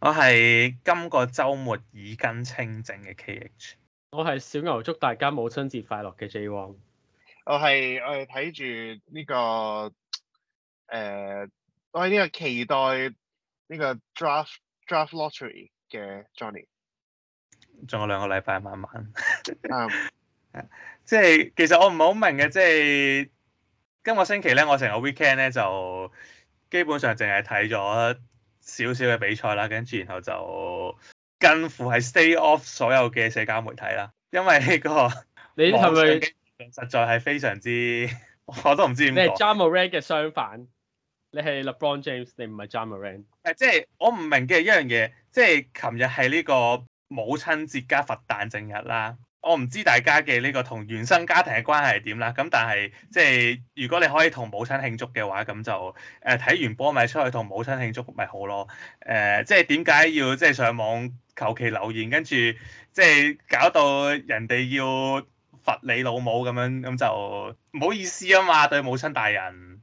我係今個周末耳根清淨嘅 KH，我係小牛祝大家母親節快樂嘅 Jone 我係我係睇住呢個，誒、呃，我係呢個期待呢個 draft draft lottery 嘅 Johnny，仲有兩個禮拜慢慢， um, 即係其實我唔係好明嘅，即係今個星期咧，我成個 weekend 咧就基本上淨係睇咗。少少嘅比賽啦，跟住然後就近乎係 stay off 所有嘅社交媒體啦，因為呢個你係咪實在係非常之我都唔知點講。你係 Ja Morant 嘅相反，你係 LeBron James，你唔係 Ja Morant。誒，即係我唔明嘅一樣嘢，即係琴日係呢個母親節加佛誕正日啦。我唔知大家嘅呢個同原生家庭嘅關係係點啦，咁但係即係如果你可以同母親慶祝嘅話，咁就誒睇、呃、完波咪出去同母親慶祝咪好咯，誒、呃、即係點解要即係上網求其留言，跟住即係搞到人哋要罰你老母咁樣，咁就唔好意思啊嘛，對母親大人。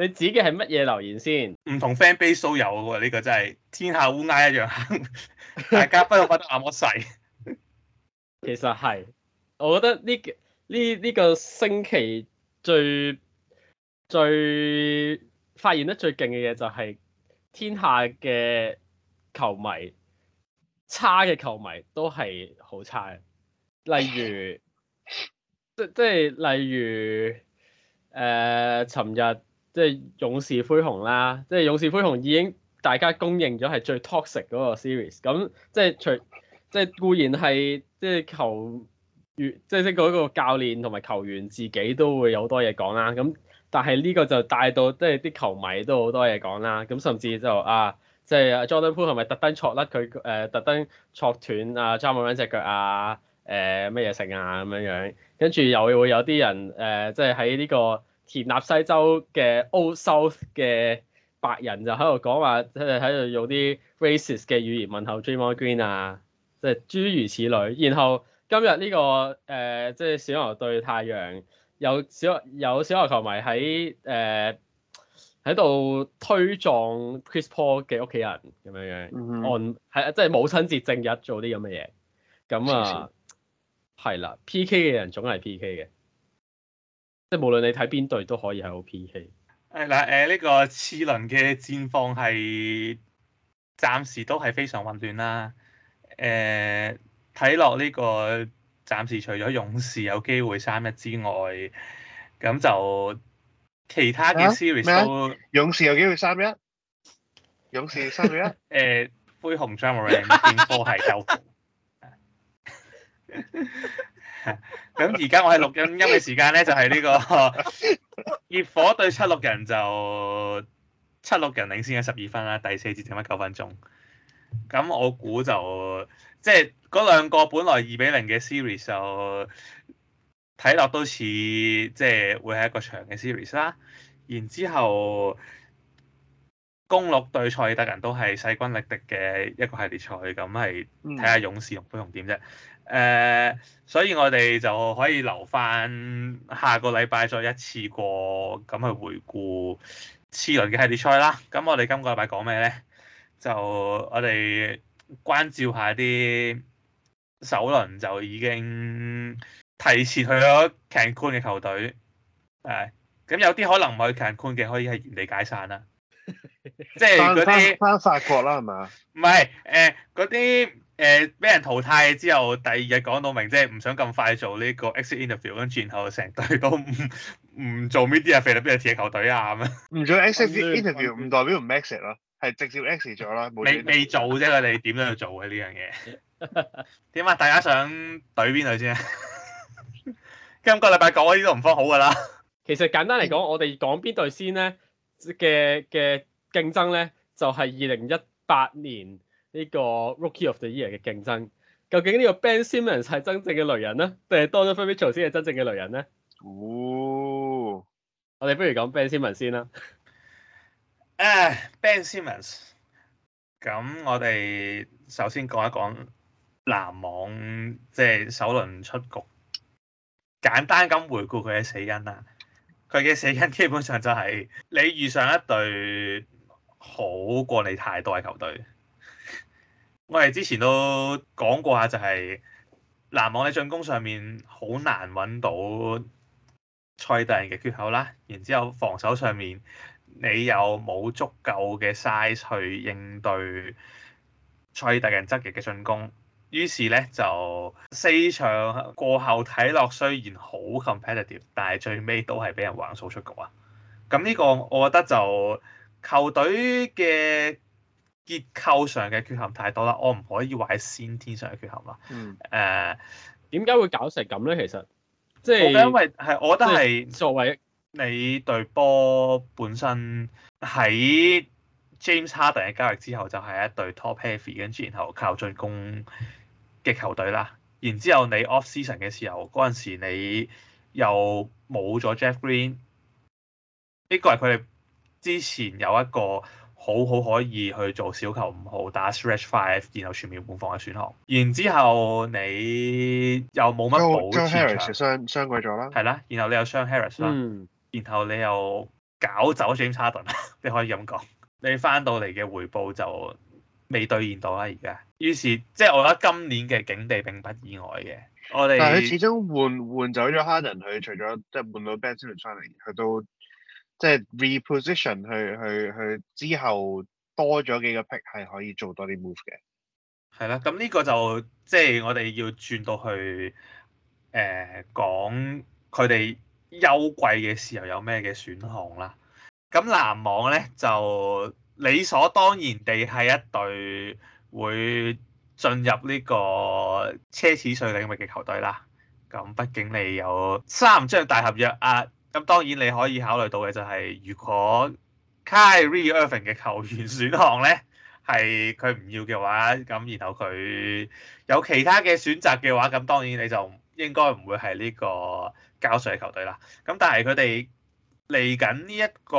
你指嘅係乜嘢留言先？唔同 fan base 都有喎，呢、呢個真係天下烏鴉一樣黑 大家不過分得咁細。其實係，我覺得呢呢呢個星期最最發現得最勁嘅嘢就係天下嘅球迷，差嘅球迷都係好差嘅。例如，即即係例如，誒、呃，尋日。即係勇士灰熊啦，即係勇士灰熊已經大家公認咗係最 toxic 嗰個 series。咁即係除即係固然係即係球員，即係嗰個教練同埋球員自己都會有好多嘢講啦。咁但係呢個就帶到即係啲球迷都好多嘢講啦。咁甚至就啊，即係 Jordan Poole 係咪特登戳甩佢誒？特登戳斷啊，Ja Morant 隻腳啊？誒咩嘢食啊？咁樣樣，跟住又會有啲人誒，即係喺呢個。田納西州嘅 Old South 嘅白人就喺度講話，即係喺度用啲 racist 嘅語言問候 Draymond Green 啊，即係諸如此類。然後今日呢個誒，即係小牛對太陽，有小有小牛球迷喺誒喺度推撞 Chris Paul 嘅屋企人咁樣樣，mm hmm. 按係即係母親節正日做啲咁嘅嘢。咁啊，係啦 ，P K 嘅人總係 P K 嘅。即係無論你睇邊隊都可以係好偏棄。誒嗱、啊，誒、呃、呢、這個次輪嘅戰況係暫時都係非常混亂啦。誒睇落呢個暫時除咗勇士有機會三一之外，咁就其他嘅 series 都、啊、勇士有機會三一，1? 勇士三比一。誒、 呃，灰熊 Ja Morant 點波係夠。 咁而家我係錄音，音嘅時間呢，因為時間咧就係、是、呢、這個熱 火對七六人就七六人領先嘅十二分啦，第四節剩翻九分鐘。咁我估就即係嗰兩個本來二比零嘅 series 就睇落都似即係會係一個長嘅 series 啦。然之後公鹿對賽爾特人都係勢均力敵嘅一個系列賽，咁係睇下勇士同灰熊點啫。誒、呃，所以我哋就可以留翻下個禮拜再一次過咁去回顧次輪嘅系列賽啦。咁我哋今個禮拜講咩咧？就我哋關照一下啲首輪就已經提前去咗 Cancun 嘅球隊，係咁有啲可能唔去 Cancun 嘅可以係原地解散啦。 即係嗰啲翻法國啦，係嘛？唔、呃、係，誒嗰啲。誒、俾人淘汰之後，第二日講到明即係，唔想咁快做呢個 exit interview，咁然後成隊都唔唔做 media 肥到邊度球隊啊？咁 啊、嗯，唔做 exit interview 唔代表唔 exit 咯，係直接 exit 咗啦，未未做啫。 你點樣去做嘅呢樣嘢？點 啊？大家想隊邊隊先、啊？ 今個禮拜講呢啲都唔方好噶啦。其實簡單嚟講，我哋講邊隊先咧嘅嘅競爭咧，就係二零一八年。呢個 Rookie of the Year 嘅競爭，究竟呢個 Ben Simmons 係真正嘅雷人呢？定係 Donovan Mitchell 先係真正嘅雷人呢？哦，我哋不如講 Ben Simmons 先啦。誒，Ben Simmons，咁我哋首先講一講籃網即係、就是、首輪出局，簡單咁回顧佢嘅死因啦。佢嘅死因基本上就係你遇上一隊好過你太多嘅球隊。我哋之前都講過下、就係，就係籃網喺進攻上面好難揾到賽特人嘅缺口啦，然之後防守上面你又冇足夠嘅 size 去應對賽特人側翼嘅進攻，於是咧就四場過後睇落雖然好 competitive，但係最尾都係俾人橫掃出局啊！咁呢個我覺得就球隊嘅結構上嘅缺陷太多啦，我唔可以話係先天上嘅缺陷啦。嗯。誒、呃，點解會搞成咁咧？其實即係，我因為係，我覺得係作為你隊波本身喺 James Harden 嘅交易之後，就係一隊 Top Heavy，跟住然後靠進攻嘅球隊啦。然之後你 Off Season 嘅時候，嗰陣時你又冇咗 Jeff Green，呢個係佢哋之前有一個。好好可以去做小球，唔好打 stretch five，然後全面換防嘅選項。然之後你又冇乜補切場，咁即係同時傷傷貴咗啦。係啦，然後你又傷 Harris 啦，en, 然後你又搞走 James Harden、嗯、 你可以咁講。你翻到嚟嘅回報就未兌現到啦，而家。於是即係我覺得今年嘅境地並不意外嘅。我哋但佢始終換換走咗 Harden，佢除咗即係換到 Ben Simmons 嚟，佢都。即係 reposition 去去去之後多咗幾個 pick 係可以做多啲 move 嘅，係啦。咁呢個就即係我哋要轉到去誒講佢哋休季嘅時候有咩嘅選項啦。咁籃網咧就理所當然地係一隊會進入呢個奢侈稅領域嘅球隊啦。咁畢竟你有三張大合約啊。咁當然你可以考慮到嘅就係，如果 Kyrie Irving 嘅球員選項咧係佢唔要嘅話，咁然後佢有其他嘅選擇嘅話，咁當然你就應該唔會係呢個交稅嘅球隊啦。咁但係佢哋嚟緊呢一個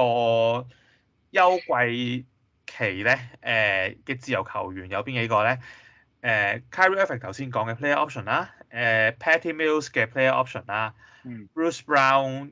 休季期咧，誒、呃、嘅自由球員有邊幾個咧？誒、呃、Kyrie Irving 頭先講嘅 player option 啦、呃，誒 Patty Mills 嘅 player option 啦、嗯，Bruce Brown。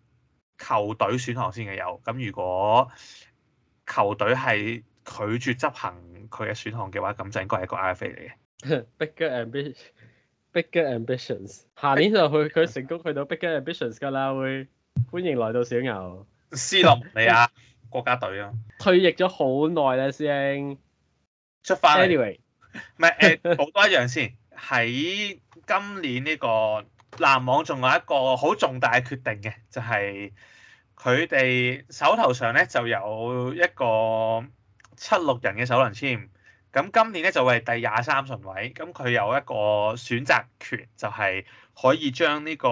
球隊選項先嘅有，咁如果球隊係拒絕執行佢嘅選項嘅話，咁就應該係一個 FA I 飛嚟嘅。Bigger ambition, bigger ambitions。下年就去佢成功去到 bigger ambitions 㗎啦，會歡迎來到小牛。 斯洛文尼亞國家隊啊！ 退役咗好耐咧，師兄出翻嚟。Anyway，唔係誒，補多一樣先。喺今年呢個籃網仲有一個好重大嘅決定嘅，就係、是。佢哋手頭上咧就有一個七六人嘅首輪籤，咁今年咧就為第廿三順位，咁佢有一個選擇權，就係、是、可以將呢個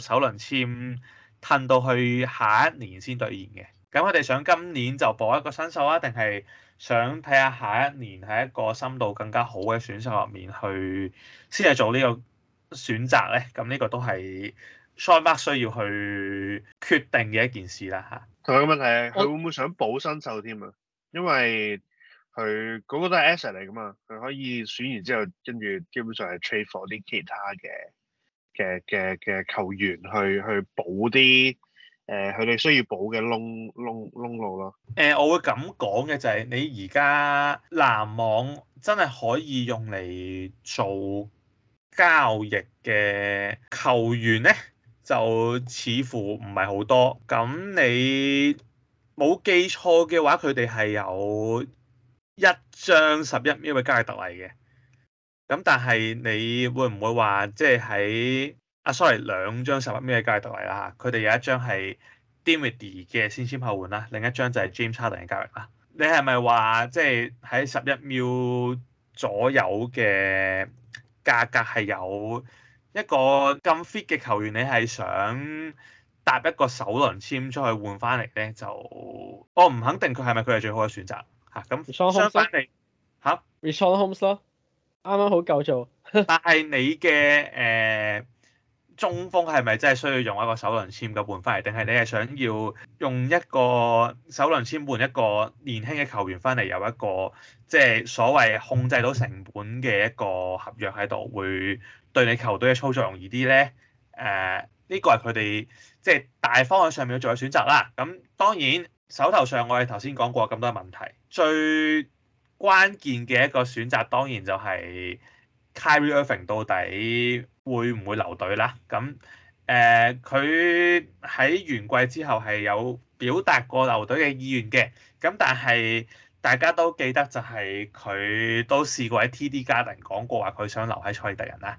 首輪籤褪到去下一年先兌現嘅。咁我哋想今年就博一個新秀啊，定係想睇下下一年喺一個深度更加好嘅選秀入面去先係做呢個選擇咧？咁呢個都係。Sean Marks 需要去決定嘅一件事啦吓。同埋個問題係佢會唔會想補新秀添啊？因為佢嗰，那個都係 asset 嚟㗎嘛，佢可以選完之後跟住基本上係 trade for 啲其他嘅嘅嘅嘅球員去去補啲誒佢哋需要補嘅窿窿窿路咯。誒、呃，我會咁講嘅就係你而家籃網真係可以用嚟做交易嘅球員咧，就似乎唔係好多，咁你冇記錯嘅話，佢哋係有一張十一秒嘅交易特例嘅，咁但係你會唔會話即係喺啊？sorry，兩張十一秒嘅交易特例啦，佢哋有一張係 Dimitri 嘅先簽後換啦，另一張就係 James Harden 嘅交易啦。你係咪話即係喺十一秒左右嘅價格係有？一個咁 fit 嘅球員，你係想搭一個首輪籤出去換翻嚟咧？就我唔肯定佢係咪佢係最好嘅選擇嚇。咁、啊，雙雙 反 Return homes 咯，啱啱好夠做。 但係你嘅誒、呃、中鋒係咪真係需要用一個首輪籤去換翻嚟？定係你係想要用一個首輪籤換一個年輕嘅球員翻嚟，有一個即係、就是、所謂控制到成本嘅一個合約喺度會？對你球隊嘅操作容易啲咧，誒、呃、呢、這個係佢哋即係大方向上面要做嘅選擇啦。咁、嗯、當然手頭上我哋頭先講過咁多問題，最關鍵嘅一個選擇當然就係 Kyrie Irving 到底會唔會留隊啦。咁誒佢喺完季之後係有表達過留隊嘅意願嘅，咁、嗯、但係大家都記得就係佢都試過喺 TD Garden 講過話佢想留喺賽爾特人啦。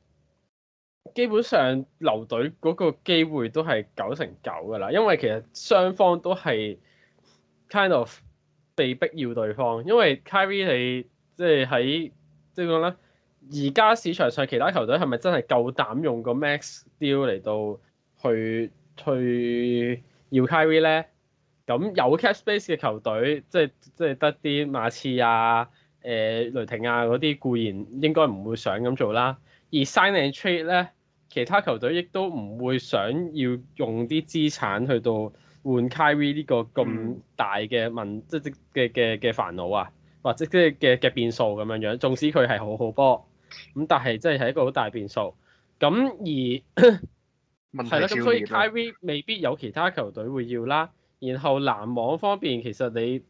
基本上留隊嗰個機會都係九成九噶啦，因為其實雙方都係 kind of 被逼要對方。因為 Kyrie 你即係喺即係講咧，而家市場上其他球隊係咪真係夠膽用個 max deal 嚟到去去要 Kyrie 咧？咁有 cap space 嘅球隊，即係即係得啲馬刺啊、誒、呃、雷霆啊嗰啲，固然應該唔會想咁做啦。而 sign and trade 咧，其他球隊亦都唔會想要用啲資產去到換 Kyrie 呢個咁大嘅問、嗯、即係嘅嘅嘅煩惱啊，或者即係嘅嘅變數咁樣樣，縱使佢係好好波，咁但係即係係一個好大變數，咁而係啦，咁 所以 Kyrie 未必有其他球隊會要啦。然後籃網方面，其實你誒、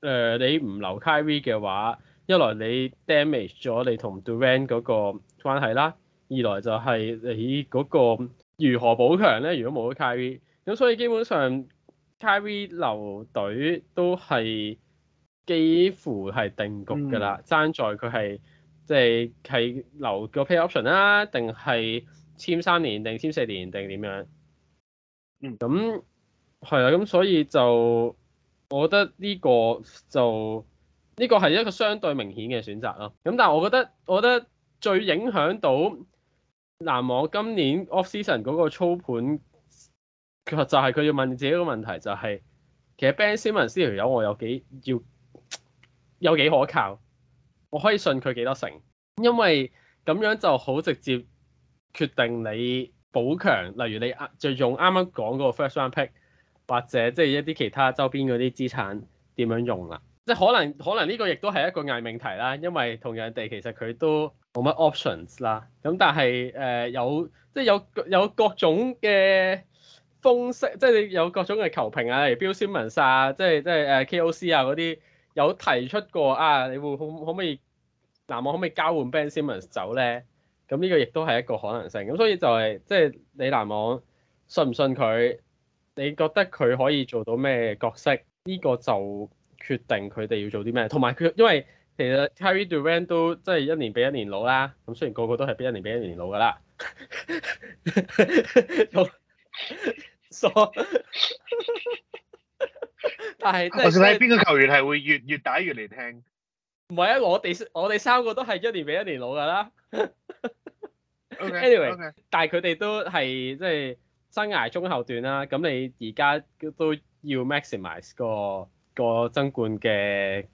呃、你唔留 Kyrie 嘅話。一來你 damage 咗你同 Durant 嗰個關係啦，二來就係你嗰個如何補強咧？如果冇咗 Kyrie，咁所以基本上 Kyrie 留隊都係幾乎係定局噶啦，爭、嗯、在佢係即係係留個 pay option 啦，定係簽三年定簽四年定點樣？嗯，咁係啊，咁所以就我覺得呢個就。呢個係一個相對明顯嘅選擇咯。咁但係我覺得，我覺得最影響到籃網今年 off season 嗰個操盤，其實就係、是、佢要問自己一個問題，就係、是、其實 Ben Simmons 呢條友我有幾要有幾可靠，我可以信佢幾多成？因為咁樣就好直接決定你補強，例如你壓就用啱啱講嗰個 first round pick，或者即係一啲其他周邊嗰啲資產點樣用啦。即係可能可能呢個亦都係一個偽命題啦，因為同樣地其實佢都冇乜 options 啦。咁但係誒、呃、有即係有有各種嘅風聲，即係你有各種嘅球評啊，例如 Bill Simmons 啊，即係即係誒 KOC 啊嗰啲有提出過啊，你會可可唔可以籃網可唔可以交換 Ben Simmons 走咧？咁呢個亦都係一個可能性。咁所以就係、是、即係你籃網信唔信佢？你覺得佢可以做到咩角色？呢、這個就～決定佢哋要做啲咩，同埋佢因為其實 Kyrie Durant 都即係一年比一年老啦。咁雖然個個都係一年比一年老㗎啦，傻！但係我想睇邊個球員係會越越打越年輕。唔係啊，我哋我哋三個都係一年比一年老㗎啦。Anyway，但係佢哋都係即係生涯中後段啦。咁你而家都要 maximize 嗰個爭冠嘅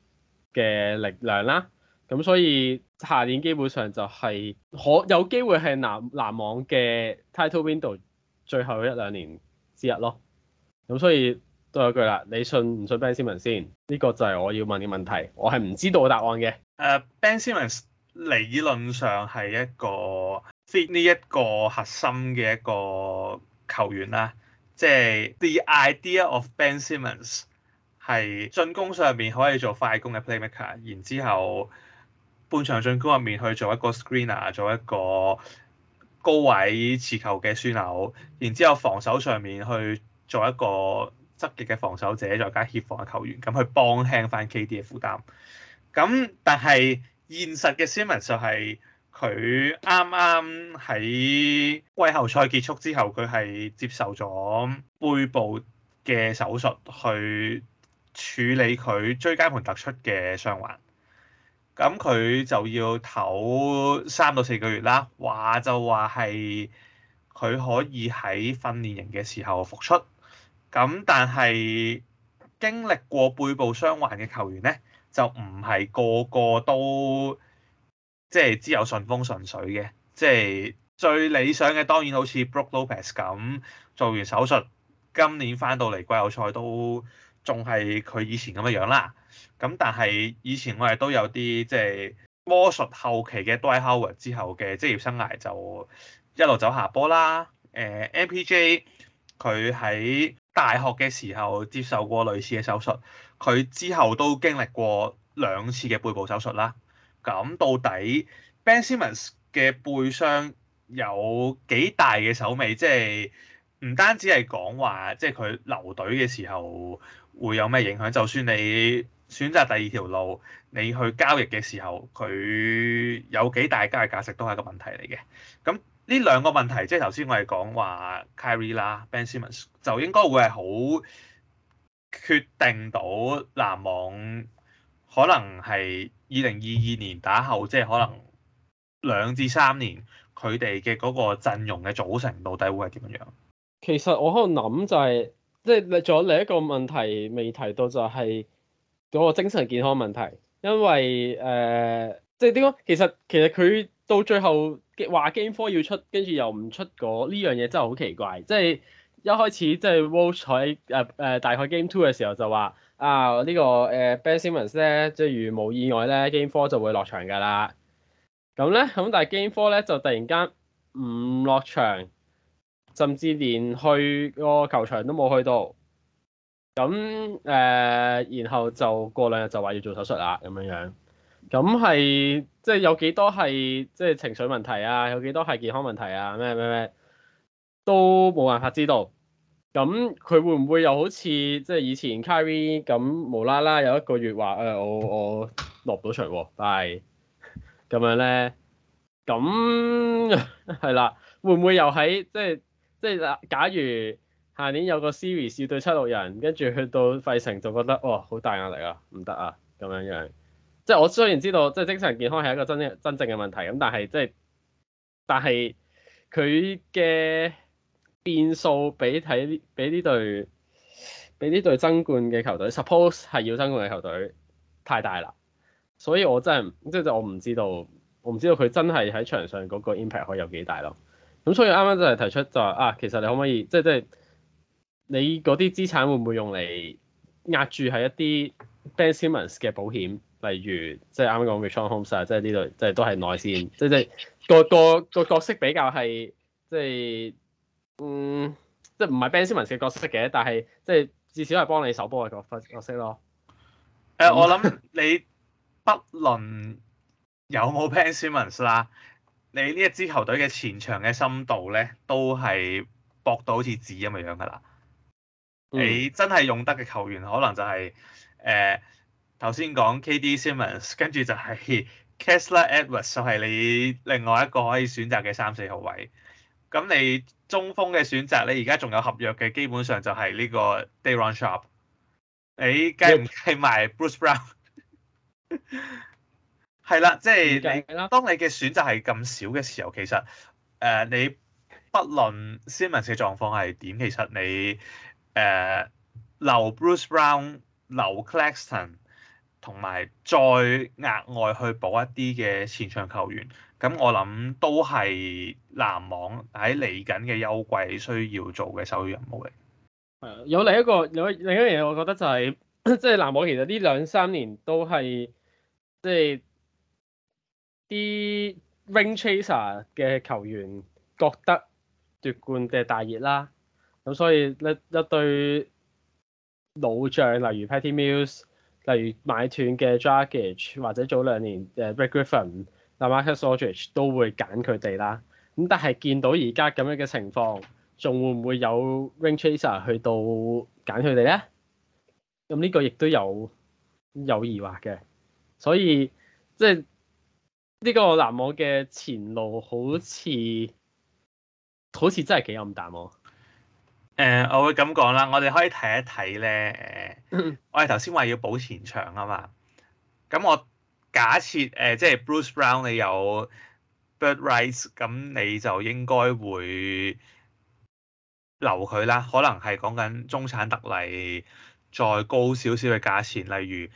嘅力量啦，咁所以下年基本上就係可有機會係籃網嘅 title window 最後一兩年之一咯。咁所以都有一句啦，你信唔信 Ben Simmons 先，呢個就係我要問嘅問題，我係唔知道答案嘅。誒、uh，Ben Simmons 理論上係一個 fit 呢一個核心嘅一個球員啦，即係 the idea of Ben Simmons 係進攻上面可以做快攻嘅 playmaker，然之後半場進攻入面去做一個 screener，做一個高位持球嘅選手，然之後防守上面去做一個側翼嘅防守者，再加協防嘅球員，咁去幫輕翻 KD 嘅負擔。咁但係現實嘅 Simmons 就係佢啱啱喺季後賽結束之後，佢係接受咗背部嘅手術去。處理佢椎間盤突出嘅傷患，咁佢就要唞三到四個月啦。話就話係佢可以喺訓練營嘅時候復出，咁但係經歷過背部傷患嘅球員呢，就唔係個個都即係只有順風順水嘅。即係最理想嘅當然好似 Brook Lopez 咁，做完手術，今年翻到嚟季後賽都。仲係佢以前咁嘅樣啦，咁但係以前我哋都有啲即係魔術後期嘅 Dwight Howard 之後嘅職業生涯就一路走下坡啦。誒，呃，MPJ 佢喺大學嘅時候接受過類似嘅手術，佢之後都經歷過兩次嘅背部手術啦。咁，嗯，到底 Ben Simmons 嘅背傷有幾大嘅手尾？即係唔單止係講話，即係佢留隊嘅時候。會有咩影響？就算你選擇第二條路，你去交易嘅時候，佢有幾大交易價值都係一個問題嚟嘅。咁呢兩個問題，即係頭先我哋講話 Kyrie 啦，Ben Simmons，就應該會係好決定到籃網可能係二零二二年打後，即係可能兩至三年佢哋嘅嗰個陣容嘅組成到底會係點樣？其實我喺度諗就係。即係，仲有另一個問題未提到就係嗰個精神健康問題，因為誒、呃，即係點講？其實其實佢到最後話 Game Four 要出，跟住又唔出嗰、那、呢、個、樣嘢真係好奇怪。即係一開始即係 Walt 誒誒大概 Game Two 嘅時候就話啊呢、這個誒 Ben Simmons 咧，即係如冇意外咧，Game Four 就會落場㗎啦。咁咧，咁但係 Game Four 咧就突然間唔落場。甚至連去個球場都冇去到，咁誒、呃，然後就過兩日就話要做手術啦，咁樣樣，咁係即係有幾多係即係情緒問題啊？有幾多係健康問題啊？咩咩咩都冇辦法知道。咁佢會唔會又好似即係以前 Kyrie 咁無啦啦有一個月話誒、呃、我我落唔到場喎，但係咁樣咧，咁係啦，會唔會又喺即係？就是即係嗱，假如下年有個 series 要對七六人，跟住去到費城，就覺得哇，好大壓力啊，唔得啊，咁樣樣。即係我雖然知道，即係精神健康係一個真真正嘅問題，咁但係即係，但係佢嘅變數比睇比呢隊，比呢隊爭冠嘅球隊，suppose 係要爭冠嘅球隊太大啦。所以我真係，即係我唔知道，我唔知道佢真係喺場上嗰個 impact 可以有幾大咯。咁所以啱啱就係提出就話啊，其實你可唔可以即係即係你嗰啲資產會唔會用嚟壓住係一啲 Ben Simmons 嘅保險，例如即係啱啱講嘅 Richaun Holmes 即係呢度，即、就、係、是就是、都係內線，即係即係個個個角色比較係即係嗯，即、就、係、是、唔係 Ben Simmons 嘅角色嘅，但係即係至少係幫你守波嘅角角色咯。誒、呃， 我諗你不論有冇 Ben Simmons 啦。你呢一支球隊嘅前場嘅深度咧，都係薄到好似紙咁嘅樣噶啦。Mm. 你真係用得嘅球員可能就係、是、誒頭、呃、先講 K.D.Simmons，跟住就係 Kessler Edwards，就係你另外一個可以選擇嘅三四號位。咁你中鋒嘅選擇，你而家仲有合約嘅，基本上就係呢個 Day'Ron Sharpe。你計唔計埋 Bruce Brown？ 係啦，即係你、嗯、當你嘅選擇係咁少嘅時候，其實誒、呃，你不論 Simmons 嘅狀況係點，其實你誒留 Bruce Brown、留 Claxton 同埋再額外去補一啲嘅前場球員，咁我諗都係籃網喺嚟緊嘅休季需要做嘅首要任務嚟。有另一個，有另一樣嘢，我覺得就係、是、即係籃網其實呢兩三年都係即係。啲 ring chaser 嘅球員覺得奪冠嘅大熱啦，咁所以一一堆老將，例如 Patty Mills，例如買斷嘅 Dragic，或者早兩年嘅 Blake Griffin、LaMarcus Aldridge 都會揀佢哋啦。咁但係見到而家咁樣嘅情況，仲會唔會有 ring chaser 去到揀佢哋咧？咁呢個亦都有有疑惑嘅，所以即係。就是呢個籃網嘅前路好似好似真係幾暗淡喎。Uh，我會咁講啦。我哋可以睇一睇咧。誒， 我哋頭先話要補前場啊嘛。咁我假設誒，即、呃、係、就是、Bruce Brown 你有 Bird Rights，咁你就應該會留佢啦。可能係講緊中產特例，再高少少嘅價錢，例如。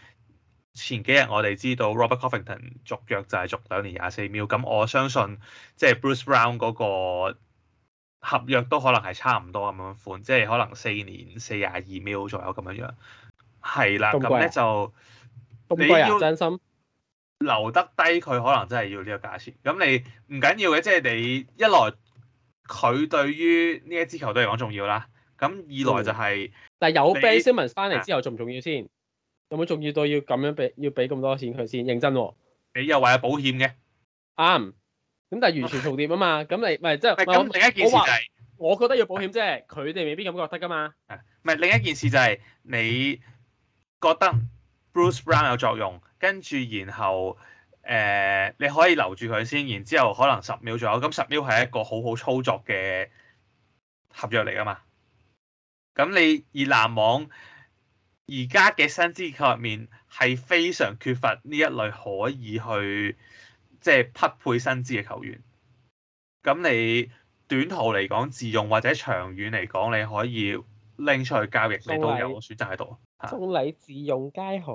前幾日我哋知道 Robert Covington 續約就係續兩年廿四秒，咁我相信即係 Bruce Brown 嗰個合約都可能係差唔多咁樣款，即係可能四年四廿二秒左右咁樣樣。係啦，咁咧就你要真心留得低佢，可能真係要呢個價錢。咁你唔緊要嘅，即係你一來佢對於呢一支球隊嚟講重要啦，咁二來就係，嗯，但係有 Ben Simmons 翻嚟之後，重唔重要先？有冇仲要到要咁樣俾，要俾咁多錢佢先？認真喎、哦，你又話有保險嘅，啱。咁 但係完全重疊啊嘛，咁你唔係、啊、即係咁。另一件事就係、是，我覺得要保險，即係佢哋未必咁覺得噶嘛。唔係另一件事就係你覺得 Bruce Brown 有作用，跟住然後誒、呃，你可以留住佢先，然之後可能十秒左右，咁十秒係一個好好操作嘅合約嚟㗎嘛。咁你而籃網而家嘅薪資球入面係非常缺乏呢一類可以去即係、就是、匹配薪資嘅球員。咁你短途嚟講自用或者長遠嚟講，你可以拎出去交易，你都有選擇喺度。送禮自用皆可。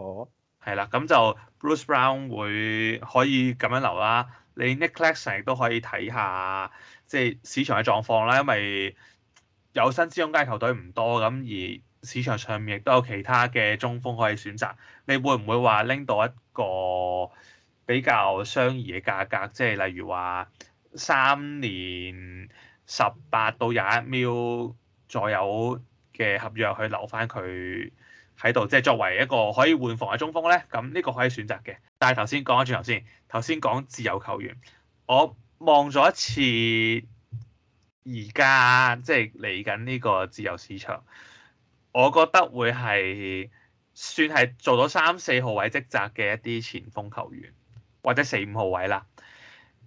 係啦，咁就 Bruce Brown 會可以咁樣留啦。你 Nic Claxton 亦都可以睇下，即、就、係、是、市場嘅狀況啦，因為有薪資空間球隊唔多，咁而。市場上面亦都有其他嘅中鋒可以選擇，你會唔會話拎到一個比較相宜嘅價格？即係例如話三年十八到廿一 mil 左右嘅合約去留翻佢喺度，即係作為一個可以換防嘅中鋒咧。咁呢個可以選擇嘅。但係頭先講翻轉頭先，頭先講自由球員，我望咗一次而家即係嚟緊呢個自由市場。我覺得會係算係做到三四號位職責嘅一啲前鋒球員，或者四五號位、呃、啦。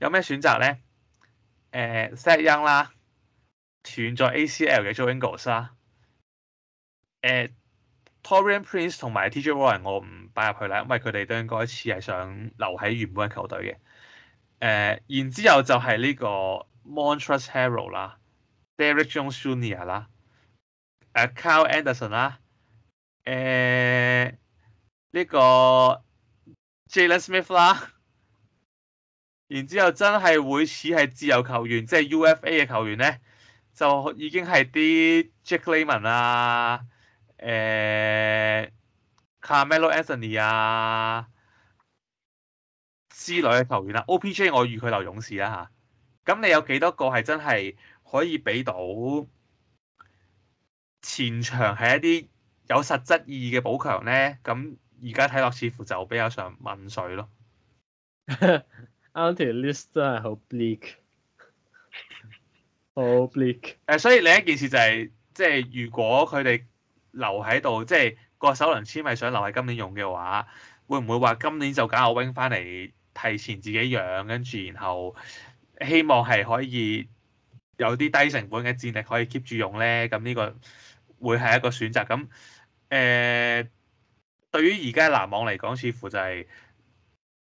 有咩選擇咧？Seth Young 啦，斷咗 ACL 嘅 Joe Ingles 啦。誒，Taurean Prince 同埋 TJ Warren 我唔擺入去啦，因為佢哋都應該似係想留喺原本嘅球隊嘅。誒、呃，然之後就係呢個 Montrezl Harrell 啦，Derrick Jones Jr. 啦。誒、uh，Kyle Anderson 啦，uh，誒，呢個 Jalen Smith 啦，然之後真係會似係自由球員，即係 UFA 嘅球員咧，就已經係啲 Jake Layman 啊，誒，Carmelo Anthony 啊之類嘅球員啦。OPJ 我預佢留勇士啊，嚇，咁你有幾多個係真係可以俾到？前場係一啲有實質意義嘅補強咧，咁而家睇落似乎就比較上問水咯。啱條 list 真係好 bleak，好 bleak。誒、嗯，所以另一件事就係、是，即係如果佢哋留喺度，即係個首輪簽，係想留喺今年用嘅話，會唔會話今年就揀阿 Wing 翻嚟提前自己養，跟住然後希望係可以有啲低成本嘅戰力可以 keep 住用咧？咁、嗯、呢、這個？會係一個選擇咁，誒、呃，對於而家籃網嚟講，似乎就係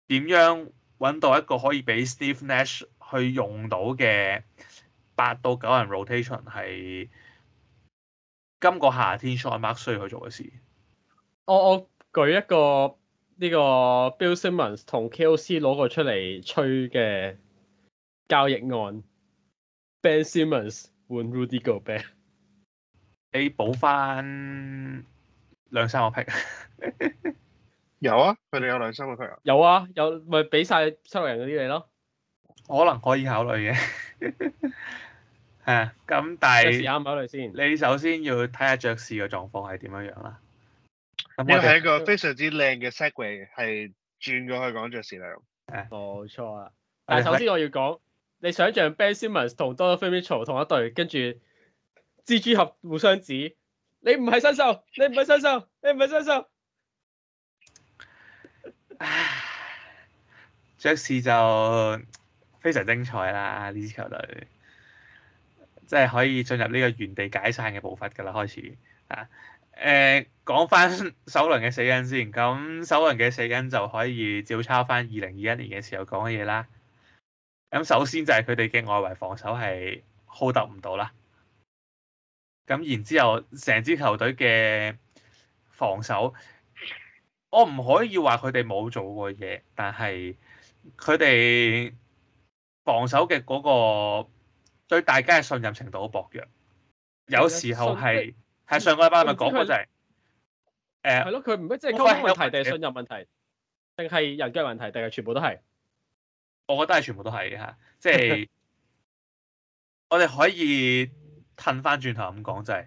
點樣揾到一個可以俾 Steve Nash 去用到嘅八到九人 rotation 係今個夏天 Sean Marks 需要去做嘅事。我我舉一個呢個 Bill Simmons 同 KOC 攞個出嚟吹嘅交易案，Ben Simmons 換 Rudy Gobert。你補翻兩三個 pick，有啊，佢哋有兩三個 pick 啊，有啊，有咪俾曬七個人嗰啲你咯，可能可以考慮嘅，係啊，咁但係，啱唔考慮先？你首先要去睇下爵士嘅狀況係點樣樣啦，又係一個非常之靚嘅 segue，係轉過去講爵士啦，誒，冇錯啊。但首先我要講，你想象 Ben Simmons 同 Donovan Mitchell 同一隊，跟住。蜘蛛俠互相指，你唔係新秀，你唔係新秀，你唔係新秀。爵 士、啊、就非常精彩啦，呢支球隊即係可以進入呢個原地解散嘅步伐噶啦，開始啊。誒，講翻首輪嘅死因先，咁首輪嘅死因就可以照抄翻二零二一年嘅時候講嘅嘢啦。咁首先就係佢哋嘅外圍防守係 hold 唔到啦。咁然之後，成支球隊嘅防守，我唔可以話佢哋冇做過嘢，但係佢哋防守嘅嗰個，對大家嘅信任程度好薄弱，有時候係係信上個禮拜咪講過，就是，誒係咯，佢唔知即係溝通問題定係信任問題，定係人嘅問題，定係全部都係，我覺得係全部都係吓，即、就、係、是、 我哋可以。褪翻轉頭咁講就係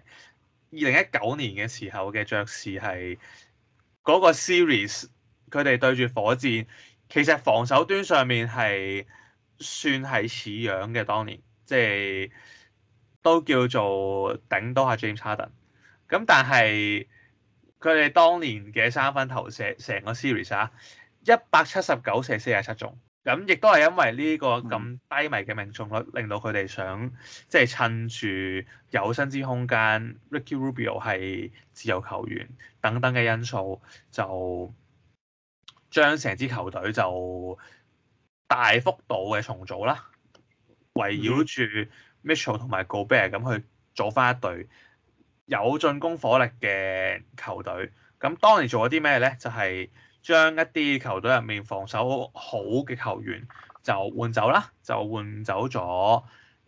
二零一九年嘅時候嘅爵士係嗰個 series，佢哋對住火箭，其實防守端上面係算係似樣嘅，當年即係都叫做頂多下 James Harden。咁但係佢哋當年嘅三分投射成個 series 啊，一百七十九射四十七中。咁亦都係因為呢個咁低迷嘅命中率，令到佢哋想即係、就是、趁住有薪資空間，Ricky Rubio 係自由球員等等嘅因素，就將成支球隊就大幅度嘅重組啦，圍繞住 Mitchell 同埋 Gobert 咁去組返一隊有進攻火力嘅球隊。咁當年做咗啲咩咧？就係、是將一啲球隊入面防守好嘅球員就換走啦，就換走咗誒、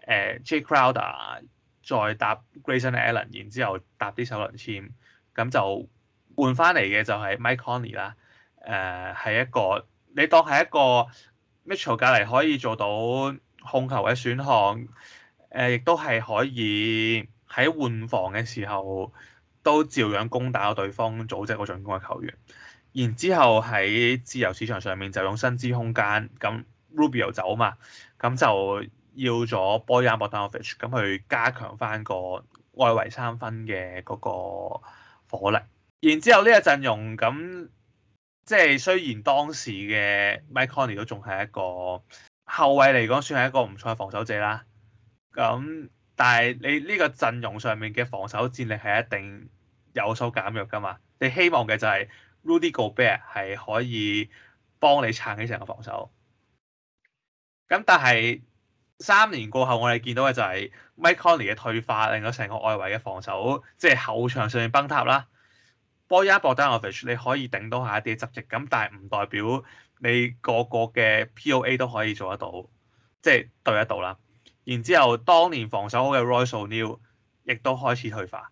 呃、Jae Crowder，再搭 Grayson Allen，然之後搭啲首輪籤，咁就換翻嚟嘅就係 Mike Conley 啦。誒、呃、係一個你當係一個 Mitchell 隔籬可以做到控球嘅選項，誒亦都係可以喺換防嘅時候都照樣攻打到對方組織個進攻嘅球員。然之後喺自由市場上面就用薪資空間，咁 Rubio 走嘛，咁就要咗 Bojan Bogdanović 咁去加強返個外圍三分嘅嗰個火力。然之後呢個陣容咁，即係雖然當時嘅 Mike Conley 都仲係一個後衞嚟講，算係一個唔錯嘅防守者啦。咁但係你呢個陣容上面嘅防守戰力係一定有所減弱噶嘛。你希望嘅就係、是 Rudy Gobert 係可以幫你撐起成個防守，咁但係三年過後，我哋見到嘅就係 Mike Conley 嘅退化，令到成個外圍嘅防守即係後場上面崩塌啦。Bojan Bogdanovic，你可以頂到下一啲執席，咁但係唔代表你個個嘅 POA 都可以做得到，即係對得到啦。然之後當年防守好嘅 Royce O'Neale 亦都開始退化，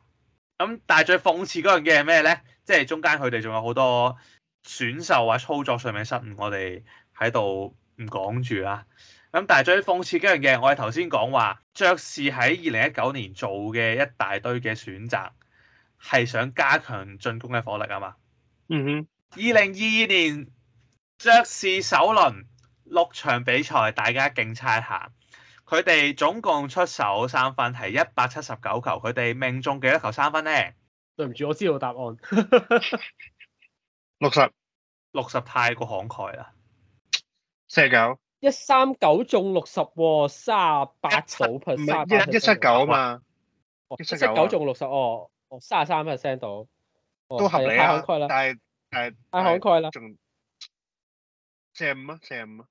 咁但係最諷刺嗰樣嘢係咩咧？即係中間佢哋仲有好多選秀或操作上面嘅失誤，我哋喺度唔講住啦。咁但係最諷刺一樣嘢，我哋頭先講話，爵士喺二零一九年做嘅一大堆嘅選擇係想加強進攻嘅火力啊嘛。嗯哼。二零二二年，爵士首輪六場比賽，大家競猜下，佢哋總共出手三分係一百七十九球，佢哋命中幾多球三分咧？對唔住，我知道答案。六十，六十太過慷慨啦。四十九，一三九中六十喎，三啊八草，percent，唔係一七九啊嘛。一七九中六十哦，哦三啊三 percent 到，哦、都合理、啊、太慷慨啦，但係誒，太慷慨啦。正。四啊五啊，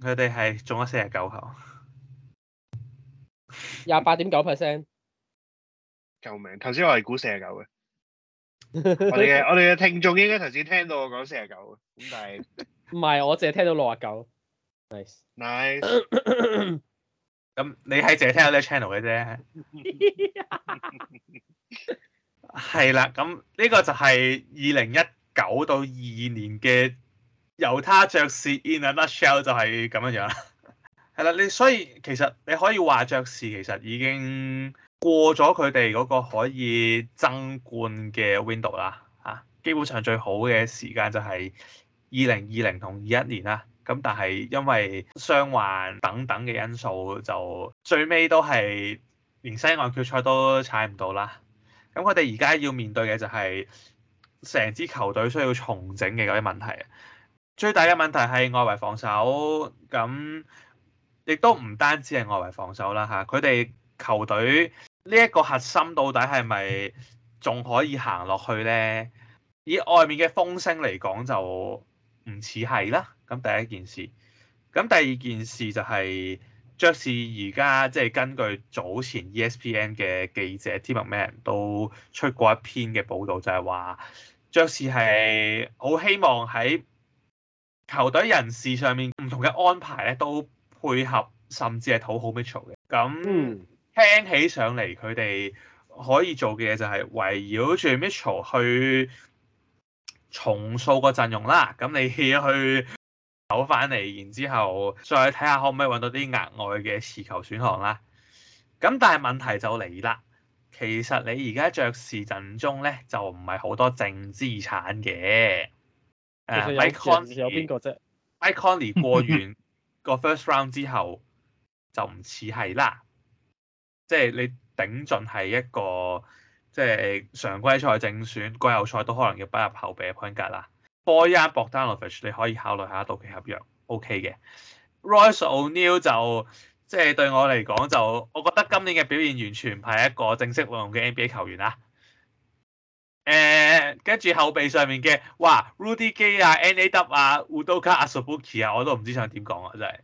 佢哋係中咗四啊九球，廿八點九 percent。救命！頭先我係估四十九嘅，我哋嘅我哋嘅聽眾應該頭先聽到我講四十九嘅，咁但係唔係我淨係聽到六十九。Nice，nice。咁你係淨係聽到呢個 channel 嘅啫。係啦，咁呢個就係二零一九到二二年嘅猶他爵士 In a nutshell 就係咁樣樣啦。係啦，你所以其實你可以話爵士其實已經，過咗佢哋嗰個可以爭冠嘅 window 啦，啊，基本上最好嘅時間就係二零二零同二一年啦，咁但係因為傷患等等嘅因素，就最尾都係連西岸決賽都踩唔到啦。咁佢哋而家要面對嘅就係成支球隊需要重整嘅嗰啲問題，最大嘅問題係外圍防守，咁亦都唔單止係外圍防守啦，吓，佢哋球隊。呢一個核心到底係咪仲可以行落去咧？以外面嘅風聲嚟講，就唔似係啦。咁第一件事，咁第二件事就係爵士而家即係根據早前 ESPN 嘅記者 Tim MacMahon 都出過一篇嘅報導，就係話爵士係好希望喺球隊人事上面唔同嘅安排咧，都配合甚至係討好 Mitchell 嘅。咁聽起上嚟，佢哋可以做嘅嘢就係圍繞住 Mitchell 去重塑個陣容啦。咁你去走翻嚟，然之後再睇下可唔可以揾到啲額外嘅持球選項啦。咁但係問題就嚟啦，其實你而家爵士陣中咧，就唔係好多正資產嘅。誒 Conley 有邊個啫？Conley 過完個 first round 之後， 就唔似係啦。即係你頂盡係一個即係常規賽正選，季後賽都可能要不入後備框架啦。Bojan Bogdanovic 你可以考慮一下到期合約，OK 嘅。Royce O'Neale 就即係對我嚟講就，我覺得今年嘅表現完全唔係一個正式運動嘅 NBA 球員啊。誒、呃，跟住後備上面嘅哇，Rudy Gay 啊、NAW 啊、Hoodoka Udoka Azubuike 啊，我都唔知想點講啊，真係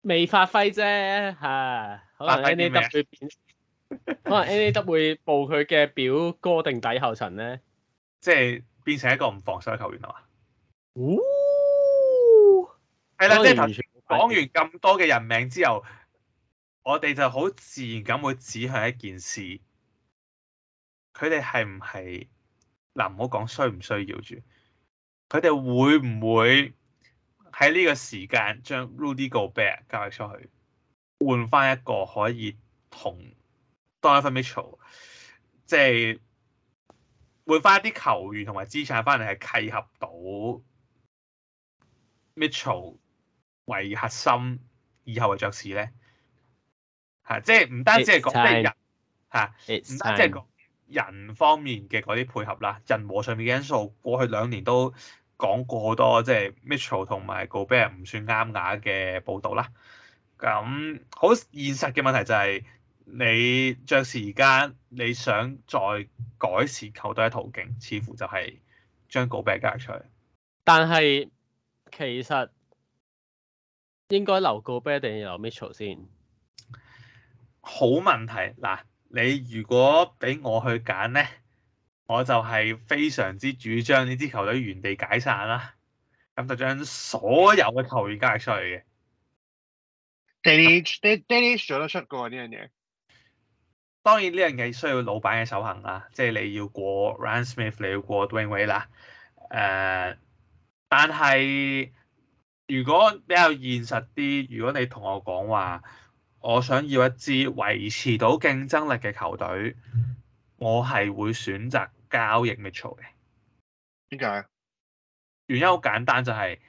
未發揮啫嚇。啊。可能 N. A. W 會變，可能 N. A. W 會報佢嘅表哥定底後塵咧，即係變成一個唔防守嘅球員啊嘛。嗚，係啦，即係講完咁多嘅人名之後，我哋就好自然咁會指向一件事，佢哋係唔係嗱唔好講需唔需要住，佢哋會唔會喺呢個時間將 Rudy Gobert 交易出去？換翻一個可以同 Donovan Mitchell，即係換翻一啲球員同埋資產翻嚟係契合到 Mitchell 為核心，以後嘅爵士咧，嚇即係唔單止係講咩人嚇，唔單止係講人方面嘅嗰啲配合啦，人和上面嘅因素，過去兩年都講過好多，即係 Mitchell 同埋 Gobert 唔算啱雅嘅報導啦。咁好現實嘅問題就係、是，你着時間你想再改善球隊嘅途徑，似乎就係將告啤解出去。但係其實應該留告啤一定要留 Mitchell 先？好問題嗱，你如果俾我去揀咧，我就係非常之主張呢支球隊原地解散啦，咁就將所有嘅球員解出去嘅。d a d a 做得出噶呢樣嘢。當然呢樣嘢需要老闆嘅首肯啦，即係你要過 Ryan Smith，你要過 Danny 啦。誒、呃，但係如果比較現實啲，如果你同我講話，我想要一支維持到競爭力嘅球隊，我係會選擇交易 Mitchell 嘅。點解？原因好簡單、就是，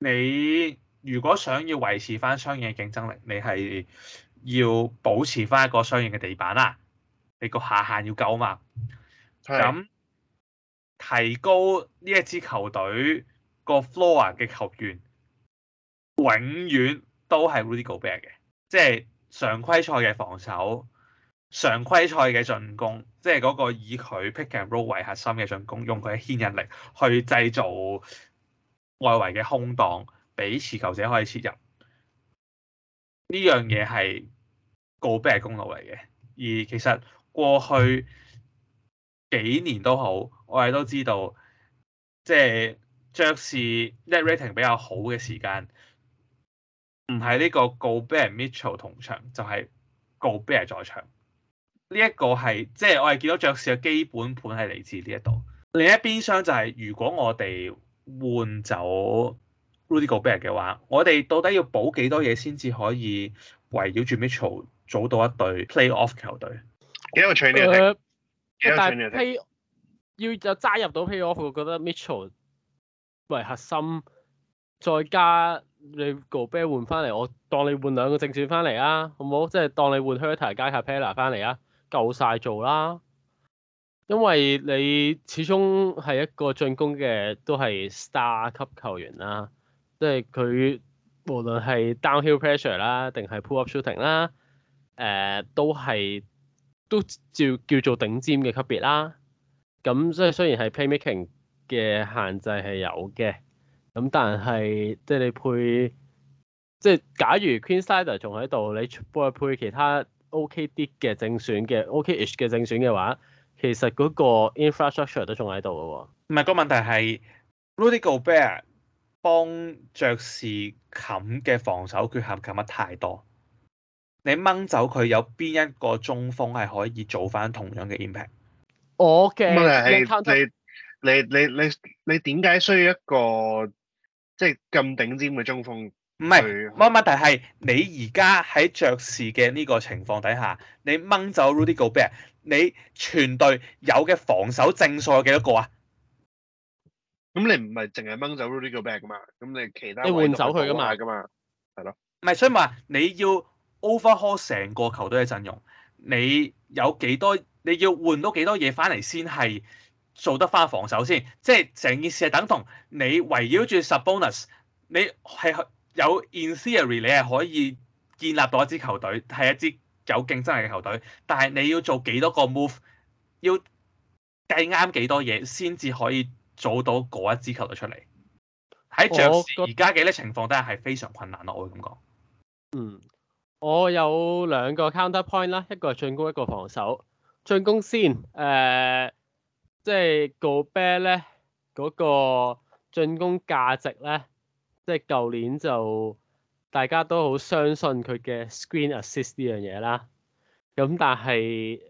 就係你。如果想要維持翻相應嘅競爭力，你係要保持翻一個相應嘅地板啦。你個下限要夠啊嘛。咁是提高呢一支球隊個 floor 嘅球員，永遠都係 ready go back 嘅，即係常規賽嘅防守、常規賽嘅進攻，即係嗰個以佢 pick and roll 為核心嘅進攻，用佢嘅牽引力去製造外圍嘅空檔。俾持球者可以切入呢樣嘢係 Gobert 功勞嚟嘅。而其實過去幾年都好，我哋都知道，即係爵士 net rating 比較好嘅時間，唔係呢個 Gobert Mitchell 同場，就係、是、Gobert 在場呢一、這個係，即、就、係、是、我哋見到爵士嘅基本盤係嚟自呢一度。另一邊廂就係、是、如果我哋換走。Rudy Gobert 嘅話，我哋到底要補幾多嘢先至可以圍繞住 Mitchell 組到一隊 Playoff 球隊？幾多傳啲啊？幾多傳啲啊？要就揸入到 Playoff，我覺得 Mitchell 為核心，再加你 Gobert 換翻嚟，我當你換兩個正選翻嚟啊，好唔好？即係當你換 Huerter 加下 Capela 翻嚟啊，夠晒做啦。因為你始終係一個進攻嘅都係 Star 級球員啦。即係佢無論係 downhill pressure 啦，定係 pull up shooting 啦，誒、呃、都係都照叫做頂尖嘅級別啦。咁、嗯、即係雖然係 playmaking 嘅限制係有嘅，咁、嗯、但係即係你配即係假如 Quin Snyder 仲喺度，你出配其他 OK 啲嘅正選嘅 OK H 嘅正選嘅話，其實嗰個 infrastructure 都仲喺度嘅喎。唔係、個問題係 Rudy Gobert。幫爵士冚嘅防守缺陷冚得太多，你掹走佢有邊一個中鋒係可以做翻同樣嘅 impact？我嘅問題係你你你你你點解需要一個即係咁頂尖嘅中鋒？唔係，問問題係你而家喺爵士嘅呢個情況底下，你掹走 Rudy Gobert，你全隊有嘅防守正數有幾多個啊？咁你唔係淨係掹走 Rudy Gobert 噶嘛？咁你其他位都換走佢噶嘛？噶嘛，係咯？唔係，所以話你要 overhaul 成個球隊嘅陣容。你有幾多？你要換到幾多嘢翻嚟先係做得翻防守先？即係成件事係等同你圍繞住 sub bonus，你係有 in theory 你係可以建立到一支球隊，係一支有競爭力嘅球隊。但係你要做幾多個 move，要計啱幾多嘢先至可以。做到嗰一支球就出嚟，喺爵士而家嘅呢情況都係非常困難咯，我會咁講。嗯，我有兩個 counter point 啦，一個係進攻，一個防守。進攻先，誒、呃，即、就、係、是、Gobert 咧嗰、那個進攻價值咧，即係舊年就大家都好相信佢嘅 screen assist 呢樣嘢啦。咁但係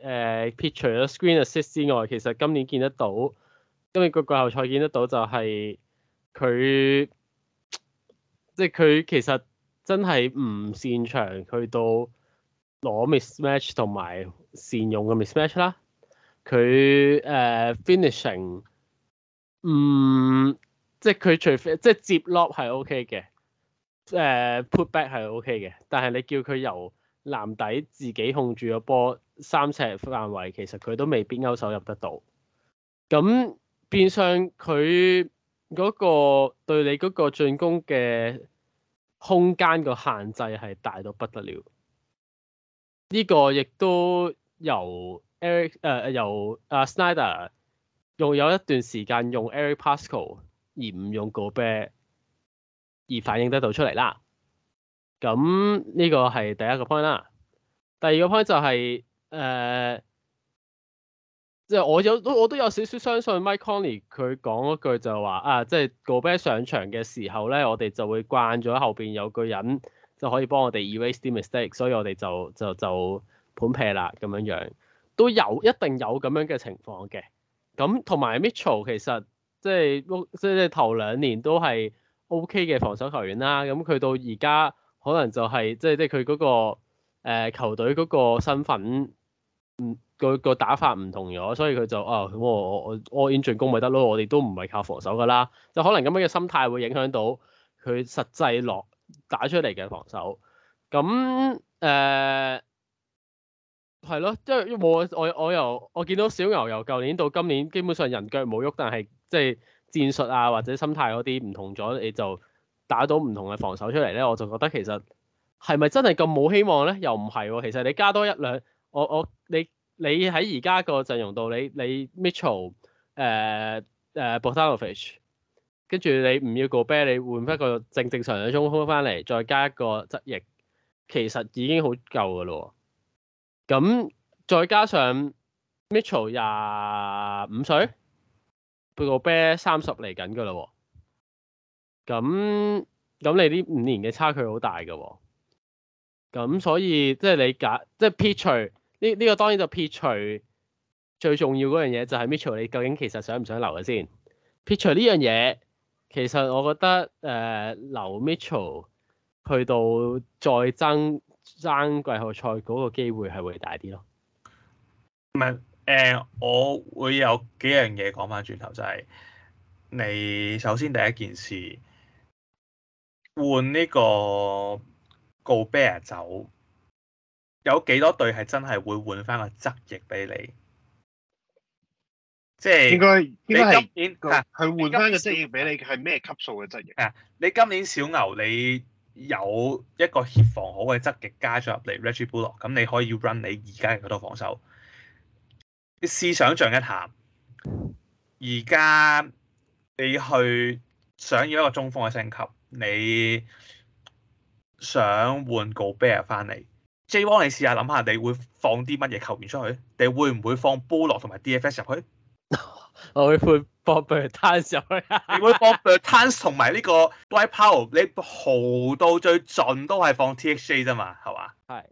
誒撇除咗 screen assist 之外，其實今年見得到。因為個季後賽見得到就，就係佢即係佢其實真係唔擅長去到攞 mismatch 同埋善用嘅 mismatch 啦。佢誒、uh, finishing 唔即係佢除非即係接 lob 係 ok 嘅，誒、uh, putback 係 ok 嘅，但係你叫佢由籃底自己控住個波三尺範圍，其實佢都未必勾手入得到。咁變相佢嗰個對你嗰個進攻嘅空間個限制係大到不得了，呢個亦都由 Eric 誒、呃、由啊 Snyder 用有一段時間用 Eric Pascoe 而唔用 Gobert 而反映得到出嚟啦。咁呢個係第一個 point 啦。第二個 point 就係、是、誒。呃即係我有都我都有少少相信 Mike Conley 佢講嗰句就係話啊，即係 Gobert 上場嘅時候咧，我哋就會慣咗後邊有個人就可以幫我哋 erase 啲 mistake，所以我哋就就就盤啤啦，咁樣樣都有一定有咁樣嘅情況嘅。咁同埋 Mitchell 其實即係即係頭兩年都係 OK 嘅防守球員啦。咁佢到而家可能就係、是、即係即係佢嗰個球隊嗰個身份。個個打法唔同咗，所以佢就啊，咁、哦、我我我我引進攻咪得咯，我哋都唔係靠防守噶啦，就可能咁樣嘅心態會影響到佢實際落打出嚟嘅防守。咁誒係咯，即、呃、係我我我又我見到小牛由舊年到今年，基本上人腳冇喐，但係即係戰術啊或者心態嗰啲唔同咗，你就打到唔同嘅防守出嚟咧。我就覺得其實係咪真係咁冇希望咧？又唔係喎，其實你加多一兩。我我你你喺而家個陣容度，你你 Mitchell 誒誒 Bogdanovic 跟住你唔要個啤，你，ell,、呃呃、vic, 你，el, 你換翻個正正常常中鋒翻嚟，再加一個質翼，其實已經好夠㗎啦。咁再加上 Mitchell 廿五歲，個啤三十嚟緊㗎啦。咁咁你呢五年嘅差距好大㗎。咁所以即係你揀，即係撇除，呢呢個當然就撇除最重要嗰樣嘢，就係 Mitchell 你究竟其實想唔想留嘅先？撇除呢樣嘢，其實我覺得誒、呃、留 Mitchell 去到再爭爭季後賽嗰個機會係會大啲咯。唔係誒，我會有幾樣嘢講翻轉頭，就係、是、你首先第一件事換呢、這個 Gobert 走。有幾多隊係真係會換翻個側翼俾你？即係應該，你今年佢換翻個側翼俾你係咩級數嘅側翼？啊，你今年小牛你有一個協防好嘅側翼加咗入嚟，Reggie Bullock，咁你可以要 run 你而家嘅嗰套防守。你試想象一下，而家你去想要一個中鋒嘅升級，你想換 Gobert 翻嚟？J 汪，Wong，你試下諗下，你會放啲乜嘢球員出去？你會唔會放 Bullock 同埋 DFS 入去？ 我會放 Bertans 入去，你會放 Bertans 同埋呢個 Dwight Powell。你豪到最盡都係放 THJ 啫嘛的，係嘛？係。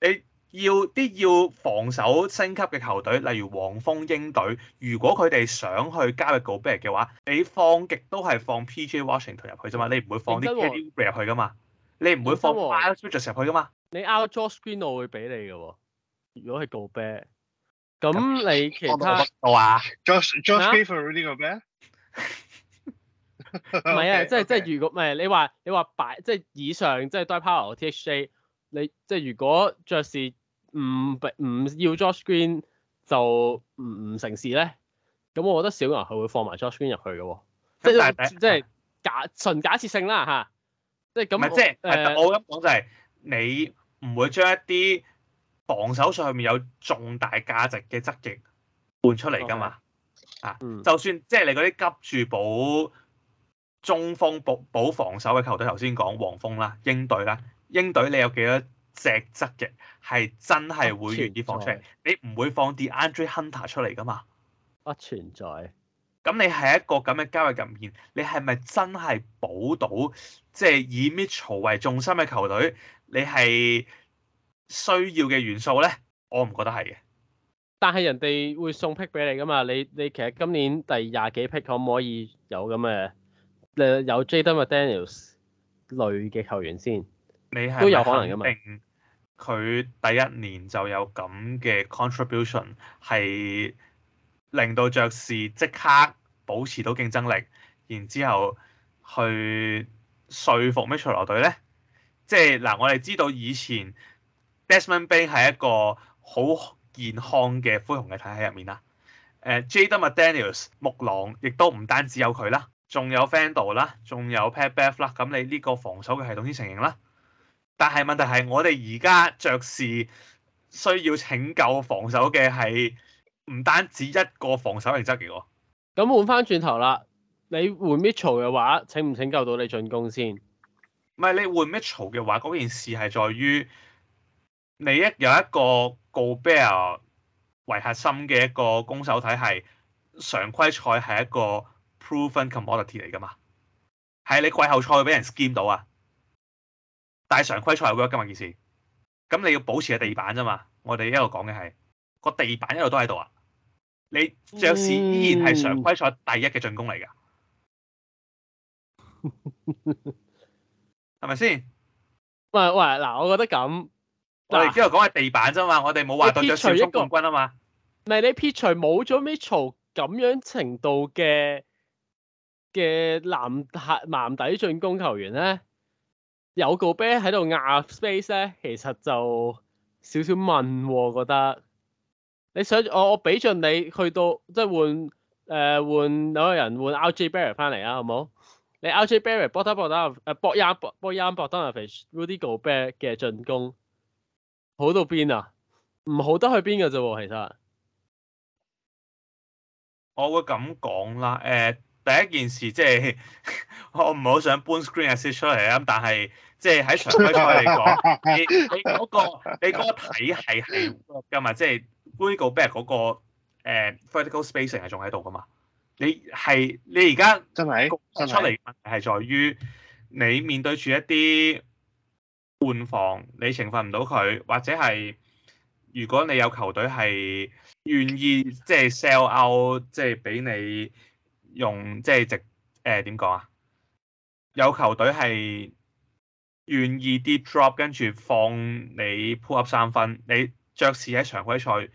你要啲要防守升級嘅球隊，例如黃蜂、鷹隊，如果佢哋想去加入 Gobert 嘅話，你放極都係放 PJ Washington 入去啫嘛，你唔會放啲 c a 入去噶嘛？你唔會放 Charlesbridge 入去噶嘛？你 out Josh Green 我會俾你噶喎。如果係告 bad 咁你其他話 Josh，JoshPayfer 呢個 bad 唔係啊，即係即係如果唔係你話你話擺即係以上即係 Dwight Powell、T.H.J。你即係、就是、如果爵士唔唔、嗯嗯、要 Josh Green 就唔唔成事咧？咁我覺得小牛佢會放埋 Josh Green 入去噶即係假純假設性啦吓。啊即係咁，唔係即係，呃、我咁講就係你唔會將一啲防守上面有重大價值嘅質疑換出嚟㗎嘛？啊、嗯，就算即係你嗰啲急住保中鋒、保保防守嘅球隊，頭先講黃蜂啦、鷹隊啦，鷹隊你有幾多隻質疑係真係會願意放出嚟？啊嗯、你唔會放啲 Andre Hunter 出嚟㗎嘛？不存、啊、在。咁你係一個咁嘅交易入面，你係咪真係補到即係、就是、以 m 搣草為重心嘅球隊？你係需要嘅元素咧，我唔覺得係嘅。但係人哋會送 pick 俾你噶嘛？你你其實今年第廿幾 pick 可唔可以有咁嘅有 Jaden 嘅 Daniel s 類嘅球員先？你係都有可能噶嘛？佢第一年就有咁嘅 contribution 係。令到爵士即刻保持到競爭力，然之後去說服 Mitchell 留隊咧，即係嗱，我哋知道以前 Desmond Bane 係一個好健康嘅灰熊嘅體系入面啦。誒、呃、Jaden McDaniels 木狼亦都唔單止有佢啦，仲有 Vanderbilt、啊、啦，仲有 Pat Beverley 啦，咁你呢個防守嘅系統先成型啦、啊。但係問題係我哋而家爵士需要拯救防守嘅係。唔單止一個防守嚟得嘅喎，咁換翻轉頭啦，你換 Mitchell 嘅話，請唔請救到你進攻先？唔係你換 Mitchell 嘅話，嗰件事係在於你一有一個 Gobert 為核心嘅一個攻守體系，常規賽係一個 proven commodity 嚟噶嘛？係你季後賽會俾人 skim 到啊，但係常規賽係 work 嘅嘛件事，咁你要保持喺地板啫嘛。我哋一路講嘅係個地板一路都喺度啊。你爵士依然係常規賽第一嘅進攻嚟噶 係咪先？喂喂，嗱，我覺得咁，我哋之後講下地板啫、啊、嘛，我哋冇話到爵士速速冠軍啊嘛。唔係你撇除冇咗 m t 咩嘈咁樣程度嘅嘅籃下底進攻球員咧，有個啤喺度壓 space 咧，其實就少少問、啊，我覺得。你想我我俾盡你去到即係換誒、呃、換兩個人換 RJ Barrett 翻嚟啊，好唔好？你 RJ Barrett 搏打搏打誒搏廿搏搏廿搏打阿 Fish Rudy Gobert 嘅進攻好到邊啊？唔好得去邊嘅啫喎，其實我會咁講啦。誒、呃、第一件事即、就、係、是、我唔係好想搬 Screen s 些出嚟啊，但係即係喺常規賽嚟講，你、那個、你嗰個你嗰個體系噶嘛，即係。v i g a l back 嗰個誒、uh, vertical spacing 係仲喺度㗎嘛？你係你而家出嚟問題係在於你面對住一啲換防，你懲罰唔到佢，或者係如果你有球隊係願意即係、就是、sell out，即係俾你用即係、就是、直，誒點講啊？有球隊係願意 deep drop 跟住放你 pull up 三分你。爵士喺常規賽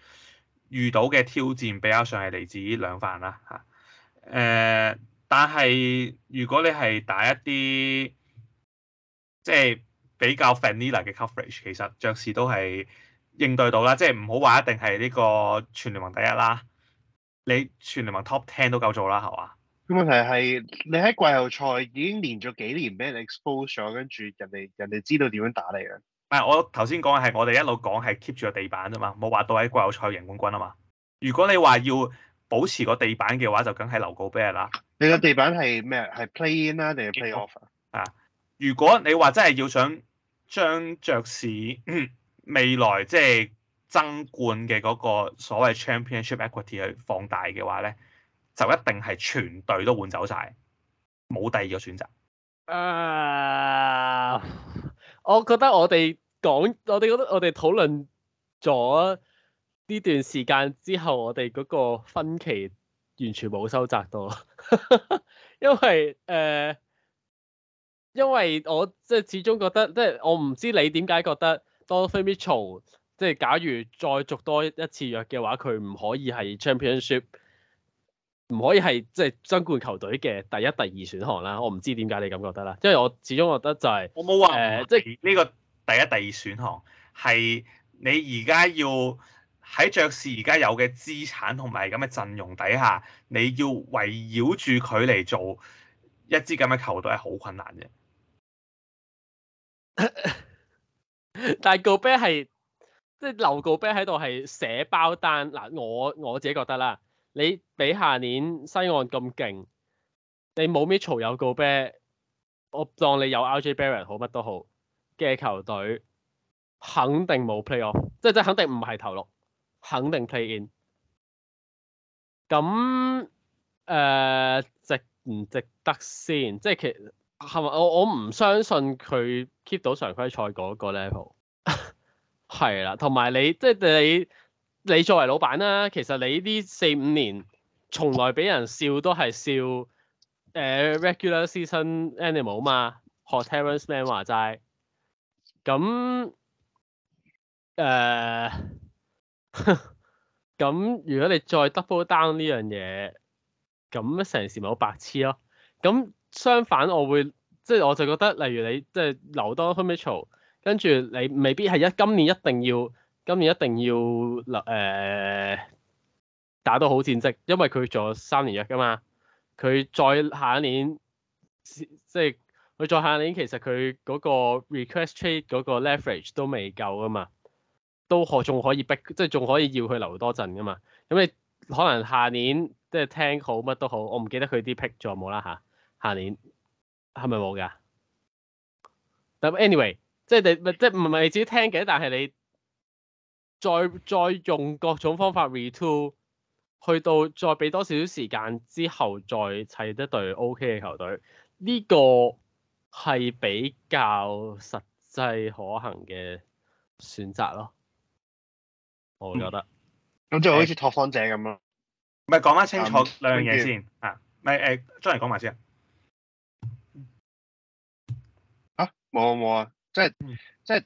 遇到嘅挑戰比較上係嚟自兩範啦嚇，誒、呃，但係如果你係打一啲即係比較 vanilla 嘅 coverage，其實爵士都係應對到啦，即係唔好話一定係呢個全聯盟第一啦，你全聯盟 top ten 都夠做啦，係嘛？咁問題係你喺季後賽已經連續幾年俾人哋 expose 咗，跟住人哋人哋知道點樣打你啦。誒，我頭先講嘅係我哋一路講係 keep 住個地板啫嘛，冇話到喺季後賽贏冠軍啊嘛。如果你話要保持個地板嘅話，就梗係留高俾人啦。你個地板係咩？係 play in 啦，定係 play off？啊，如果你話真係要想將爵士未來即係爭冠嘅嗰個所謂 championship equity 去放大嘅話咧，就一定係全隊都換走晒，冇第二個選擇、uh。啊！我覺得我哋講，我哋覺得我哋討論咗呢段時間之後，我哋嗰個分歧完全冇收窄到， 因為誒、呃，因為我即係始終覺得，即、就、係、是、我唔知你點解覺得多飛飛嘈，即係假如再續多一次約嘅話，佢唔可以係 championship。唔可以係即係爭冠球隊嘅第一、第二選項啦，我唔知點解你咁覺得啦，因為我始終覺得就係、是、我冇話誒，即係呢個第一、第二選項係、呃、你而家要喺爵士而家有嘅資產同埋咁嘅陣容底下，你要圍繞住佢嚟做一支咁嘅球隊係好困難嘅。 但係 Gobert 係即係留 Gobert 喺度係寫包單嗱，我我自己覺得啦。你比下年西岸咁勁，你冇 m 咩嘈有個啤，我當你有 RJ Barrett 好乜都好嘅球隊，肯定冇 play off，即即肯定唔係頭六，肯定 play in。咁誒、呃、值唔值得先？即其係咪我我唔相信佢 keep 到常規賽嗰個 level？係啦，同埋你即係你。你作為老闆啦、啊，其實你呢四五年從來俾人笑都係笑誒、uh, regular season animal 嘛，學 Terence Man 話齋。咁誒，咁、uh, 如果你再 double down 呢樣嘢，咁成時咪好白痴咯。咁相反，我會即係、就是、我就覺得，例如你即係、就是、留多、um、commercial，跟住你未必係一今年一定要。今年一定要留誒、呃、打到好戰績，因為佢仲有三年約噶嘛。佢再下一年，即係佢再下年，其實佢嗰個 request trade 嗰個 leverage 都未夠啊嘛，都可仲可以逼，即係仲可以要佢留多陣噶嘛。咁你可能下年即係、就是、聽好乜都好，我唔記得佢啲 pick 咗冇啦嚇。下年係咪冇㗎？但 anyway，即係你即係唔係自己聽嘅，但係你。再再用各種方法 retool，去到再俾多少少時間之後，再砌一隊 O K 嘅球隊，呢、這個係比較實際可行嘅選擇咯。我覺得咁、嗯嗯、就好似拓荒者咁咯。咪講返清楚兩樣嘢先、嗯、啊！咪誒，出嚟講埋先啊！嚇冇冇啊！即係即係。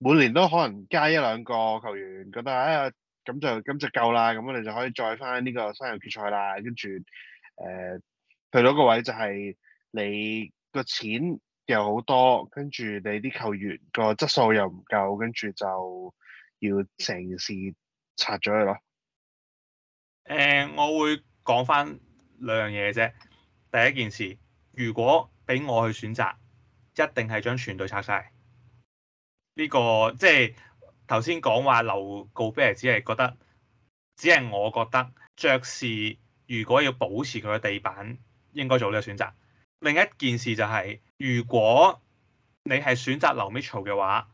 每年都可能加一兩個球員，覺得、哎、呀，咁就咁就夠啦，咁我哋就可以再翻呢個三強決賽啦。跟住誒，去、呃、到個位就係你個錢又好多，跟住你啲球員個質素又唔夠，跟住就要成件事拆咗佢咯。誒、呃，我會講翻兩樣嘢啫。第一件事，如果俾我去選擇，一定係將全隊拆晒。呢、這個即係頭先講話留、告別，只係覺得，只係我覺得，爵士如果要保持佢嘅地板，應該做呢個選擇。另一件事就係、是，如果你係選擇留 Mitchell 嘅話，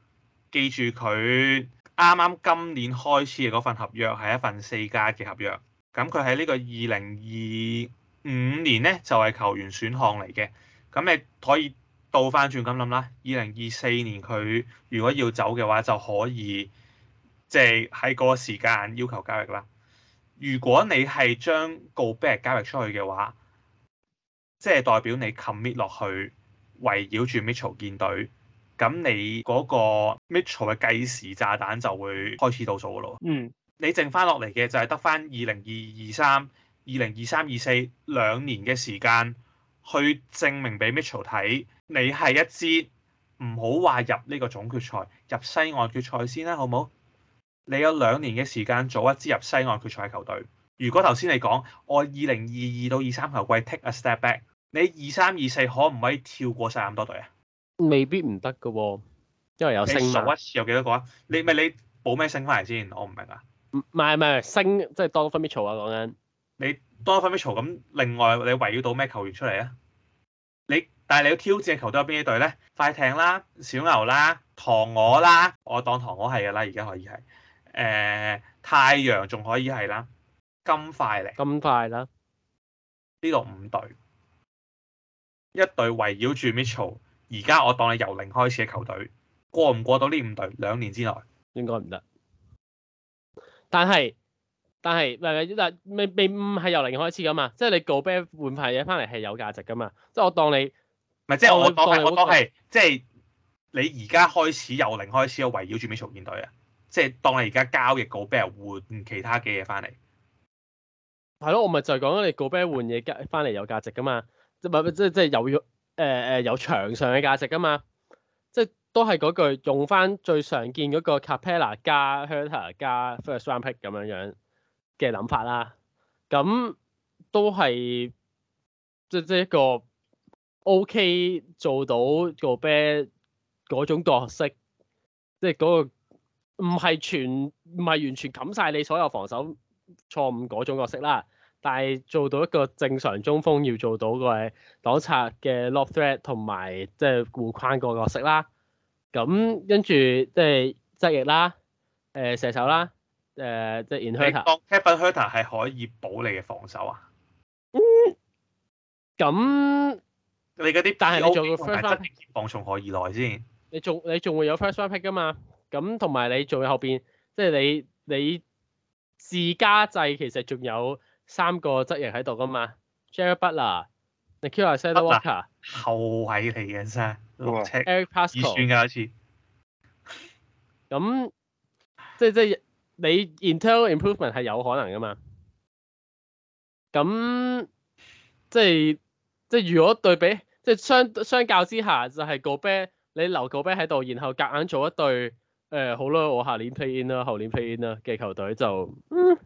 記住佢啱啱今年開始嘅嗰份合約係一份四加一嘅合約，咁佢喺呢個二零二五年咧就係、是、球員選項嚟嘅，咁你可以。倒翻轉咁諗啦，二零二四年佢如果要走嘅話，就可以即係喺嗰個時間要求交易啦。如果你係將 Gobert 交易出去嘅話，即係代表你 commit 落去，圍繞住 Mitchell 建隊咁，咁你嗰個 Mitchell 嘅計時炸彈就會開始倒數噶咯。嗯，你剩翻落嚟嘅就係得翻二零二二三、二零二三、二四兩年嘅時間去證明俾 Mitchell 睇。你係一支唔好話入呢個總決賽，入西岸決賽先啦，啊，好唔好？你有兩年嘅時間做一支入西岸決賽球隊。如果頭先你講我二零二二到二三球季 take a step back，你二三二四可唔可以跳過晒咁多隊啊？未必唔得噶，因為有升。做一次有幾多個啊？你咪你補咩升翻嚟先？我唔明，就是，啊，唔係唔係升即係多分 bit 潮啊？講緊你多個分 bit 潮咁，另外你圍繞到咩球員出嚟啊？你？但係你要挑戰嘅球隊有邊一隊咧？快艇啦、小牛啦、唐鵝啦，我當唐鵝係嘅、呃、啦，而家可以係誒太陽，仲可以係啦，金塊嚟，金塊啦，呢度五隊，一隊圍繞住 Mitchell，而家我當你由零開始嘅球隊，過唔過到呢五隊兩年之內？應該唔得。但係但係但係但係，但未未唔係由零開始噶嘛？即係你舊啤換牌嘢翻嚟係有價值噶嘛？即係我當你。唔即係我當係、哦、我當係、嗯、即係你而家開始由零開始圍繞住 Mitchell 重建隊啊！即係當你而家交易 Gobert 換其他嘅嘢翻嚟，係咯，我咪就係講你 Gobert 換嘢加翻嚟有價值噶嘛？即係咪即即係有要誒誒有場上嘅價值噶嘛？即、就、係、是、都係嗰句用翻最常見嗰個 Capella 加 Hunter 加 First Round Pick 咁樣樣嘅諗法啦。咁都係即即一個。O.K. 做到個 bad 嗰種角色，即係嗰個唔係全唔係完全冚晒你所有防守錯誤嗰種角色啦。但係做到一個正常中鋒要做到個擋拆嘅 lob threat 同埋即係護框個角色啦。咁跟住即係側翼啦，誒、呃、射手啦，誒即係 in shooter。Captain shooter 係可以保你嘅防守啊？嗯，咁。你嗰啲，但係你做個 first round pick 放從何而來先？你仲你仲會有 first round pick 噶嘛？咁同埋你做後邊，即係你你自家製其實仲有三個質型喺度噶嘛？Jared Butler、Nickeil Alexander-Walker 後衞嚟嘅啫，Eric Paschall，熱選噶好似。咁即係即係你 internal improvement 係有可能噶嘛？咁即係。即係如果對比，即係相相較之下，就係、是、個啤你留個啤喺度，然後夾硬做一隊誒、呃、好啦，我下年 play in 啦，後年 play in 啦嘅球隊就，嗯、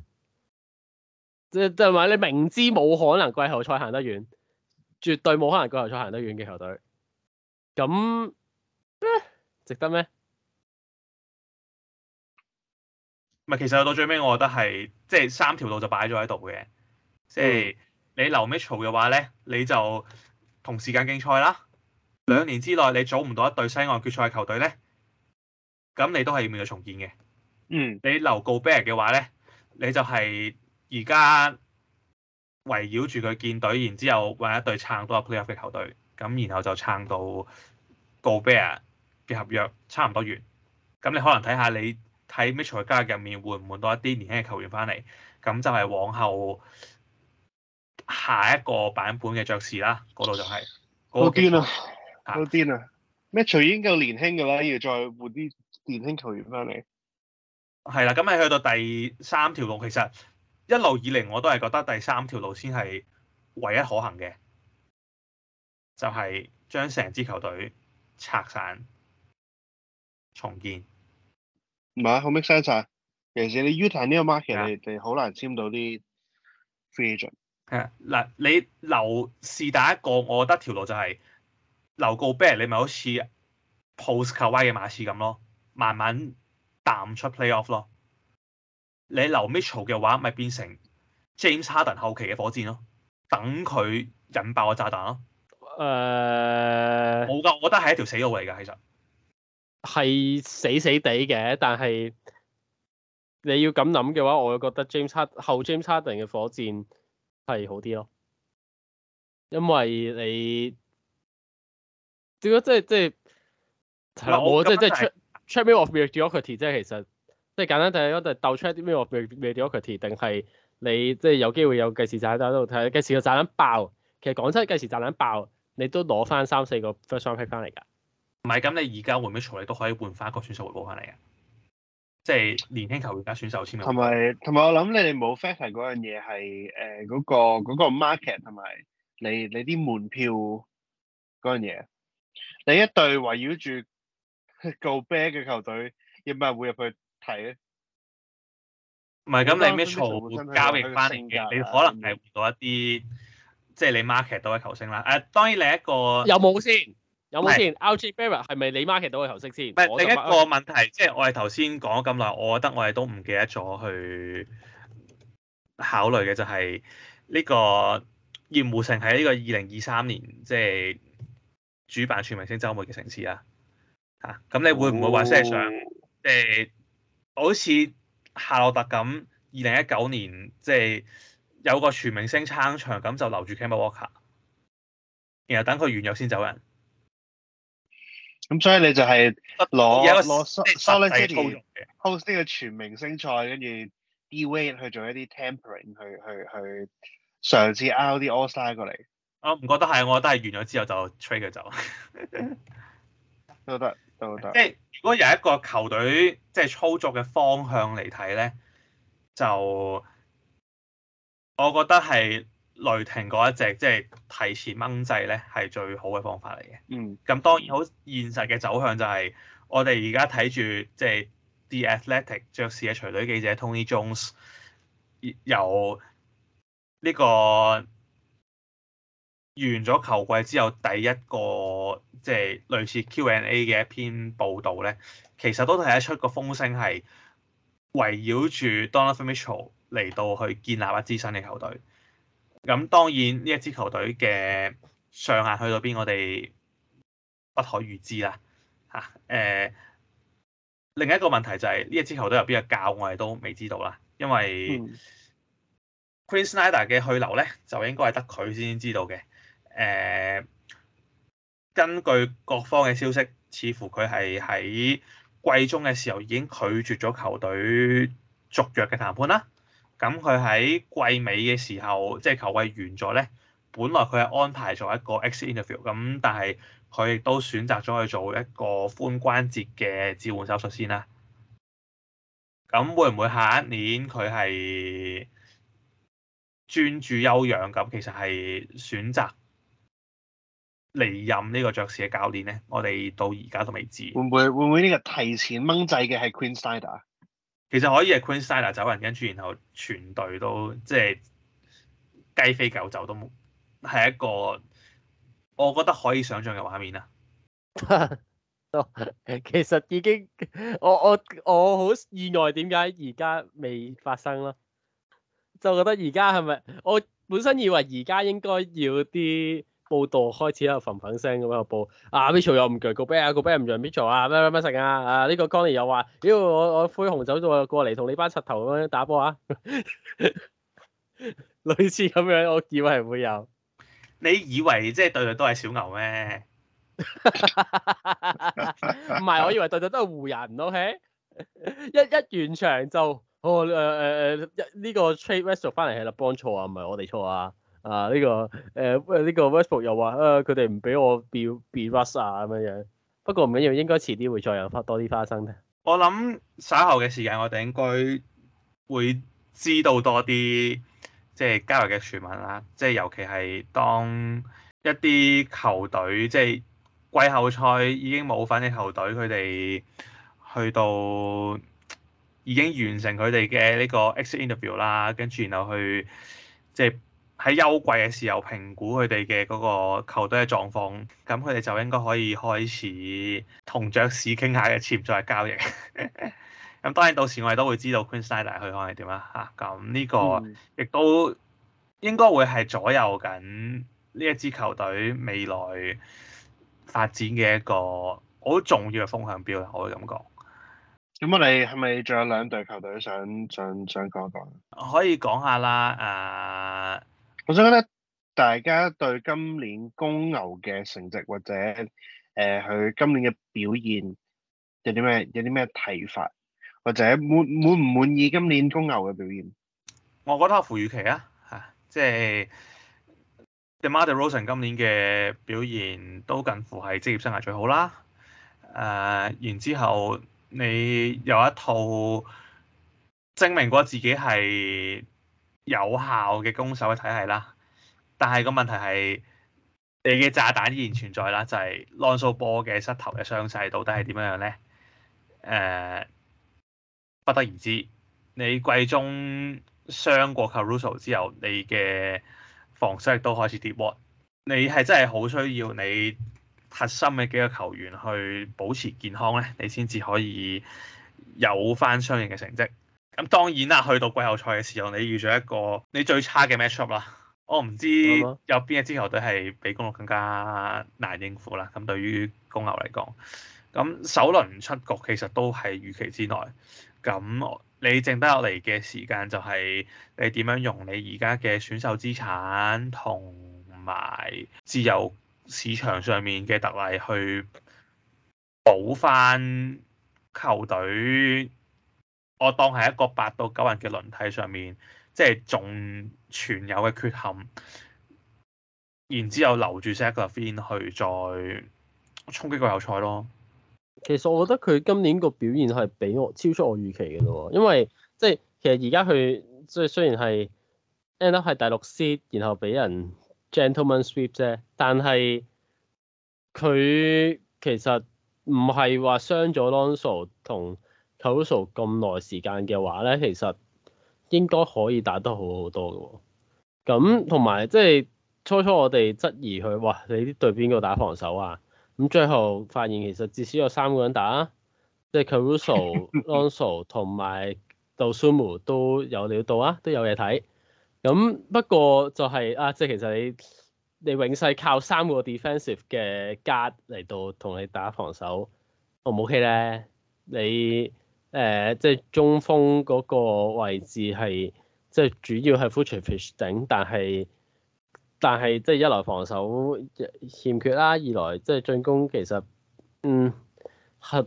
即係同埋你明知冇可能季後賽行得遠，絕對冇可能季後賽行得遠嘅球隊，咁、嗯、值得咩？唔係，其實到最尾，我覺得係即係三條路就擺咗喺度嘅，即、就、係、是嗯。你留 Mitchell 嘅話咧，你就同時間競賽啦。兩年之內你組唔到一隊西岸決賽嘅球隊咧，咁你都係要面對重建嘅。嗯。你留 Gobert 嘅話咧，你就係而家圍繞住佢建隊，然之後揾一隊撐多個 playoff 嘅球隊，咁然後就撐到 Gobert 嘅合約差唔多完。咁你可能睇下你喺 Mitchell 加入入面，換唔換到一啲年輕嘅球員翻嚟，咁就係往後。下一個版本嘅爵士啦，嗰度就係、是，好癲啊，下好癲啊！Mitchell 咩？已經夠年輕㗎啦，要再換啲年輕球員翻嚟。係啦，咁你去到第三條路，其實一路以嚟我都係覺得第三條路先係唯一可行嘅，就係將成支球隊拆散重建。唔係，好 make sense 啊！尤其是你 Utah 呢個 market，的你哋好難簽到啲 free agent。係嗱、啊，你留是第一個，我覺得條路就係、是、留 Gobert，你咪好似 post 卡威嘅馬刺咁咯，慢慢淡出 playoff 咯。你留 Mitchell 嘅話，咪變成 James Harden 後期嘅火箭咯，等佢引爆個炸彈咯。誒，冇噶，我覺得係一條死路嚟噶，其實係死死地嘅。但係你要咁諗嘅話，我會覺得 James Harden 後 James Harden 嘅火箭。係好啲咯，因為你點講即係即係係啦，我即係即係 check check 咩 of mediocrity 即係其實即係簡單啲，我哋鬥 check 啲咩 of mediocrity 定係你即係有機會有計時炸彈喺度睇計時個炸彈爆。其實講真，計時炸彈爆，你都攞翻三四個 first round pick 翻嚟㗎。唔係咁，你而家換咩籌，你都可以換翻一個選秀會翻嚟嘅。即係年輕球員加選手簽同埋同埋，我諗你哋冇 fans 係嗰樣嘢係誒嗰個嗰個 market 同埋你你啲門票嗰樣嘢。你一隊圍繞住舊啤嘅球隊，有冇人會入去睇咧？唔係咁，你咩籌會交易翻嚟嘅？嗯、你可能係換到一啲即係你 market 到嘅球星啦。誒、啊，當然你一個有冇先？有冇先 l g Barrett 係咪你 market 到嘅球色先？第一個問題，即係我哋頭先講咗咁耐，我覺得我哋都唔記得咗去考慮嘅就係呢個鹽湖城喺呢個二零二三年即係主辦全明星周末嘅城市啊。嚇，咁你會唔會話想誒？好似夏洛特咁，二零一九年即係有個全明星撐場咁，就留住 Kemba Walker，然後等佢完約先走人。咁、嗯、所以你就係攞攞 solitary hosting 全明星賽，跟住 dewayne 去做一啲 tampering，去去去嘗試 out 啲 all star 過嚟。我唔覺得係，我覺得係完咗之後就 trade 佢走 都。都得都得，即係如果有一個球隊即係、就是、操作嘅方向嚟睇咧，就我覺得係。雷霆嗰一隻即係提前掹制咧，係最好嘅方法嚟嘅。嗯，咁當然好現實嘅走向就係、是、我哋而家睇住即係 The Athletic 爵士嘅隨隊記者 Tony Jones 由呢、這個完咗球季之後第一個即係類似 Q&A 嘅一篇報導咧，其實都睇得出個風聲係圍繞住 Donovan Mitchell 嚟到去建立一支新嘅球隊。咁當然呢一支球隊嘅上限去到邊，我哋不可預知啦。吓，誒，另一個問題就係、是、呢一支球隊有邊個教，我哋都未知道啦。因為 Quin Snyder 嘅去留咧，就應該係得佢先先知道嘅。誒、啊，根據各方嘅消息，似乎佢係喺季中嘅時候已經拒絕咗球隊續約嘅談判啦。咁佢喺季尾嘅時候，即係球季完咗咧，本來佢係安排咗一個 exit interview，咁但係佢亦都選擇咗去做一個髖關節嘅置換手術先啦。咁會唔會下一年佢係專注休養？咁其實係選擇離任呢個爵士嘅教練咧？我哋到而家都未知會會。會唔會會唔會呢個提前掹掣嘅係 Quin Snyder？其實可以係 Quin Snyder 走人，跟住，然後全隊都即係雞飛狗走都冇，係一個我覺得可以想象嘅畫面啦。 其實已經我我我好意外，點解而家未發生咯？就覺得而家係咪我本身以為而家應該要啲？報導開始喺度粉粉聲咁喺度報。啊 Mitchell 又唔具？Gobert 啊，Gobert 唔強，Mitchell 啊，咩咩咩成啊！啊，呢、這個 Conley 又話：妖，我我灰熊走咗過嚟，同你班柒頭咁樣打波啊！ 類似咁樣，我以為會有。你以為即係對對都係小牛咩？唔 係， 我以為對對都係湖人。O K， 一一完場就，誒誒誒，一、呃、呢、呃這個 trade request 翻嚟係立邦錯啊，唔係我哋錯啊！啊！呢、這個誒呢、呃這個 Westbrook 又話啊，佢哋唔俾我 be, be rust 啊咁樣樣。不過唔緊要，應該遲啲會再有花多啲花生。我諗稍後嘅時間，我哋應該會知道多啲即係交流嘅傳聞啦。即係尤其係當一啲球隊即係季後賽已經冇分嘅球隊，佢哋去到已經完成佢哋嘅呢個 exit interview 啦，跟住然後去即係。喺休季嘅時候評估佢哋嘅嗰個球隊嘅狀況，咁佢哋就應該可以開始同爵士傾下嘅潛在交易。咁 當然到時我哋都會知道 Quin Snyder 嘅去向係點啦。吓、啊，咁呢個亦都應該會係左右緊呢一支球隊未來發展嘅一個好重要嘅風向標啦。我嘅感覺。咁我哋係咪仲有兩隊球隊想想想講講？說說，可以講下啦，誒、呃。我想覺得大家對今年公牛嘅成績或者誒佢、呃、今年嘅表現有啲咩有啲咩睇法，或者滿滿唔滿意今年公牛嘅表現？我覺得阿符預期啊，嚇、啊！即係 DeMar DeRozan 今年嘅表現都近乎係職業生涯最好啦。誒、啊，然之後你有一套證明過自己係。有效嘅攻守嘅體系啦，但係個問題係你嘅炸彈依然存在啦，就係 Lonzo 波嘅膝頭嘅傷勢到底係點樣樣咧？誒、uh，不得而知。你季中傷過 Caruso 之後，你嘅防守亦都開始跌。你係真係好需要你核心嘅幾個球員去保持健康咧，你先至可以有翻相應嘅成績。咁當然啦，去到季後賽嘅時候，你遇咗一個你最差嘅 matchup 啦。我唔知有邊一支球隊係比公牛更加難應付啦。咁對於公牛嚟講，咁首輪出局其實都係預期之內。咁你剩得落嚟嘅時間就係你點樣用你而家嘅選秀資產同埋自由市場上面嘅特例去補翻球隊。我當係一個八到九人嘅輪替上面，即係仲存有嘅缺陷，然之後留住 Sekar 成一個 n 去再衝擊個油菜咯。其實我覺得佢今年個表現係比我超出我預期嘅咯，因為即係其實而家佢即係雖然係 end up 係第六 seed，然後俾人 gentleman sweep 啫，但係佢其實唔係話傷咗 Lonzo 同。Caruso 咁耐時間嘅話咧，其實應該可以打得好好多嘅喎、哦。咁同埋即係初初我哋質疑佢，哇！你啲對邊個打防守啊？咁最後發現其實至少有三個人打，即係 Caruso、Lonzo、同埋 Dosunmu 都有料到啊，都有嘢睇。咁不過就係、是、啊，即、就、係、是、其實你你永世靠三個 defensive 嘅 guard 嚟到同你打防守，O 唔 OK 咧？你誒、呃，即係中鋒嗰個位置係即係主要係 future fish 頂，但係但係即係一來防守欠缺啦，二來即係進攻其實嗯，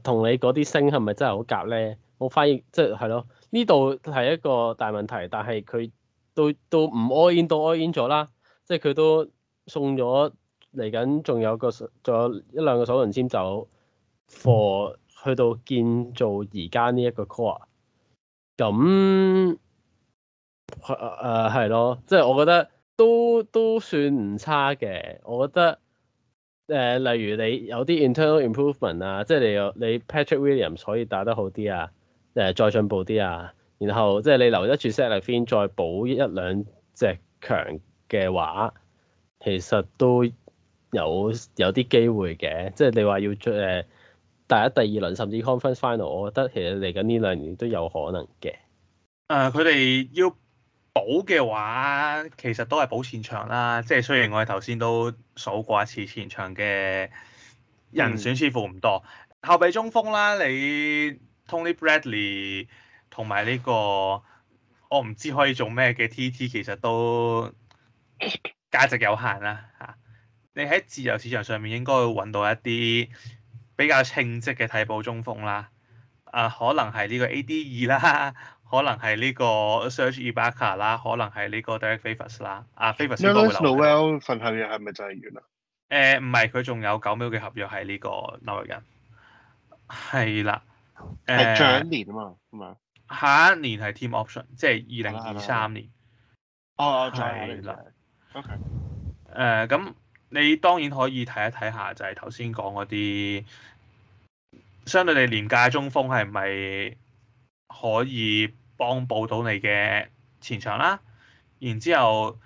同你嗰啲星係咪真係好夾咧？我發現即係係咯，呢度係一個大問題，但係佢都都唔 all in 都 all in 咗啦，即係佢都送咗嚟緊，仲有個仲有一兩個首輪籤走 for。去到建造而家呢一個 core，咁係誒咯，即、呃、係、就是、我覺得都都算唔差嘅。我覺得誒、呃，例如你有啲 internal improvement 啊，即係你有你 Patrick Williams 可以打得好啲啊，誒、呃、再進步啲啊，然後即係你留得住 Zach LaVine 再補一兩隻強嘅話，其實都有有啲機會嘅。即、就、係、是、你話要誒。呃第一、但第二輪甚至 conference final，我覺得其實嚟緊呢兩年都有可能嘅。誒、呃，佢哋要補嘅話，其實都係補前場啦。即係雖然我哋頭先都數過一次前場嘅人選，似乎唔多。嗯、後備中鋒啦，你 Tony Bradley 同埋呢個我唔知可以做咩嘅 TT，其實都價值有限啦。嚇， 你喺自由市場上面應該會揾到一啲。比較稱職嘅替補中鋒啦，啊、呃，可能係呢個 ADE 啦，可能係呢個 Serge Ibaka 啦，可能係呢個 Derrick Favors 啦，阿 Favors 應該會留。Noel 份合約係咪就係完啦？誒、呃，唔係，佢仲有九秒嘅合約，係呢個紐約人係啦，誒、嗯，長一年啊嘛，咁樣。下一年係 Team Option，即係二零二三年。哦哦，係啦。Oh, 的 OK、呃。誒，咁你當然可以睇一睇下，就係頭先講嗰啲。相對你廉價中鋒係咪可以幫補到你嘅前場啦？然之後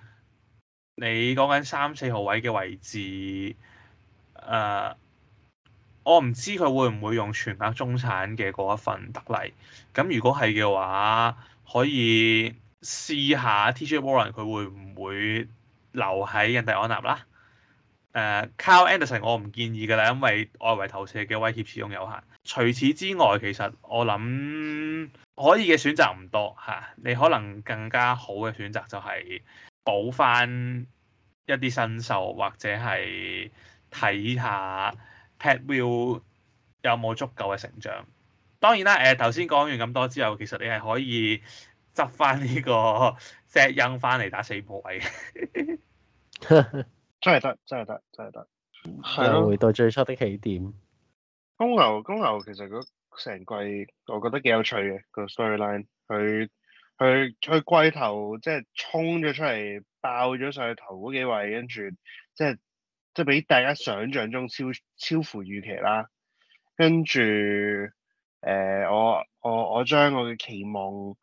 你講緊三四號位嘅位置，誒、呃，我唔知佢會唔會用全額中產嘅嗰一份特例。咁如果係嘅話，可以試下 TJ Warren 佢會唔會留喺印第安納啦？誒 Kyle Anderson，我唔建議嘅啦，因為外圍投射嘅威脅始終有限。除此之外，其實我諗可以嘅選擇唔多嚇、啊。你可能更加好嘅選擇就係補翻一啲新秀，或者係睇下 Pat Will 有冇足夠嘅成長。當然啦，誒頭先講完咁多之後，其實你係可以執翻呢個 Thad Young 翻嚟打四鋪位。真係得，真係得，真係得。啊，回到最初的起點。 公牛，公牛，其實成季，我覺得幾有趣嘅個 storyline，佢佢佢季頭即係衝咗出嚟，爆咗上去頭嗰幾位，跟住即係即係俾大家想象中超超乎預期啦。跟住，誒、呃，我我我將我嘅期望。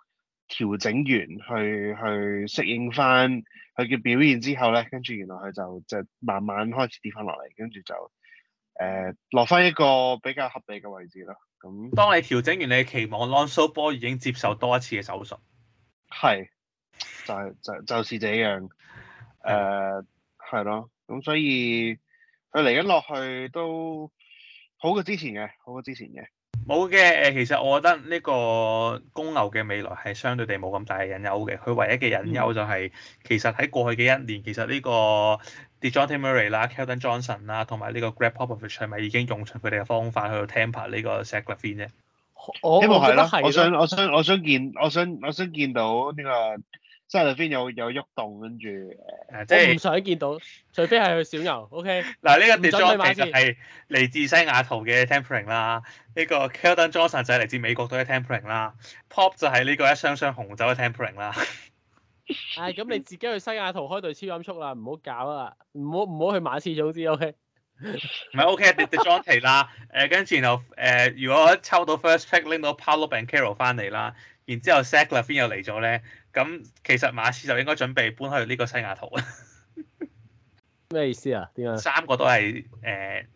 調整完去去適應翻佢嘅表現之後咧，跟住原來佢就就慢慢開始跌翻落嚟，跟住就誒落翻一個比較合理嘅位置咯。咁、嗯，當你調整完你嘅期望，Lonzo Ball 波已經接受多一次嘅手術，係就係、是、就就是這樣誒，係、呃、咯。咁 的所以佢嚟緊落去都好過之前嘅，好過之前嘅。冇嘅，誒，其實我覺得呢個公牛嘅未來係相對地冇咁大嘅隱憂嘅。佢唯一嘅隱憂就係、是，其實喺過去嘅一年，其實呢個 Dejounte Murray 啦、Keldon Johnson 啦，同埋呢個 Greg Popovich 係咪已經用佢哋嘅方法去 tamper 呢個 Sacramento 啫？我希望係咯，我想我想我想見，我想我想見到呢、這個。塞勒芬有有喐動，動，跟住誒，即係唔想見到，除非係去小牛。O.K. 嗱、 啊，呢、這個 DJ 其實係嚟自西雅圖嘅 tampering 啦，呢、這個 Keldon Johnson 就係嚟自美國隊嘅 tampering 啦，Pop 就係呢個一箱箱紅酒嘅 tampering 啦。誒、 啊，咁你自己去西雅圖開對超音速啦，唔好搞啊，唔好唔好去馬刺早知 O.K. 唔係 O.K.，The j 啦，誒，跟住然後誒、啊，如果我抽到 First Pick 拎到 Paolo Banchero 翻嚟啦，然之後 sacker 芬又嚟咗咧。咁其實馬刺就應該準備搬去呢個西雅圖啊？咩意思啊？點解三個都係誒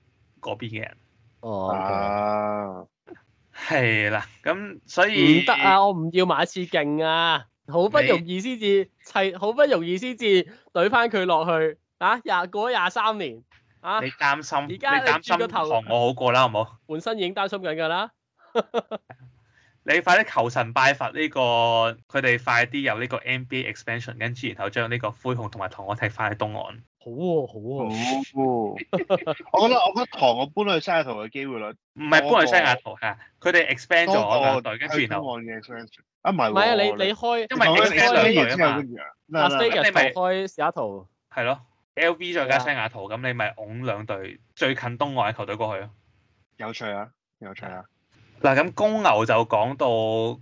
嗰邊嘅人？哦，係啦，咁所以唔得啊！我唔要馬刺勁啊！好不容易先至砌，好不容易先至對翻佢落去啊！廿過咗廿三年啊！你擔心？而家你轉個頭望我好過啦，好冇？本身已經擔心緊㗎啦～你快啲求神拜佛呢個，佢哋快啲有呢個 NBA expansion，跟住然後將呢個灰熊同埋塘鵝踢翻喺東岸。好喎，好喎，好喎！我覺得我覺得塘鵝搬去西雅圖嘅機會率，唔係搬去西雅圖嚇，佢哋 expand 咗啦，跟住然後東岸嘅 expansion。啊唔係喎，唔係啊！你你開，因為開兩隊啊嘛，阿 s 你咪開西雅圖。係咯，LV 再加西雅圖，咁你咪拱兩隊最近東岸嘅球隊過去咯。有趣啊！有趣啊！嗱咁公牛就講到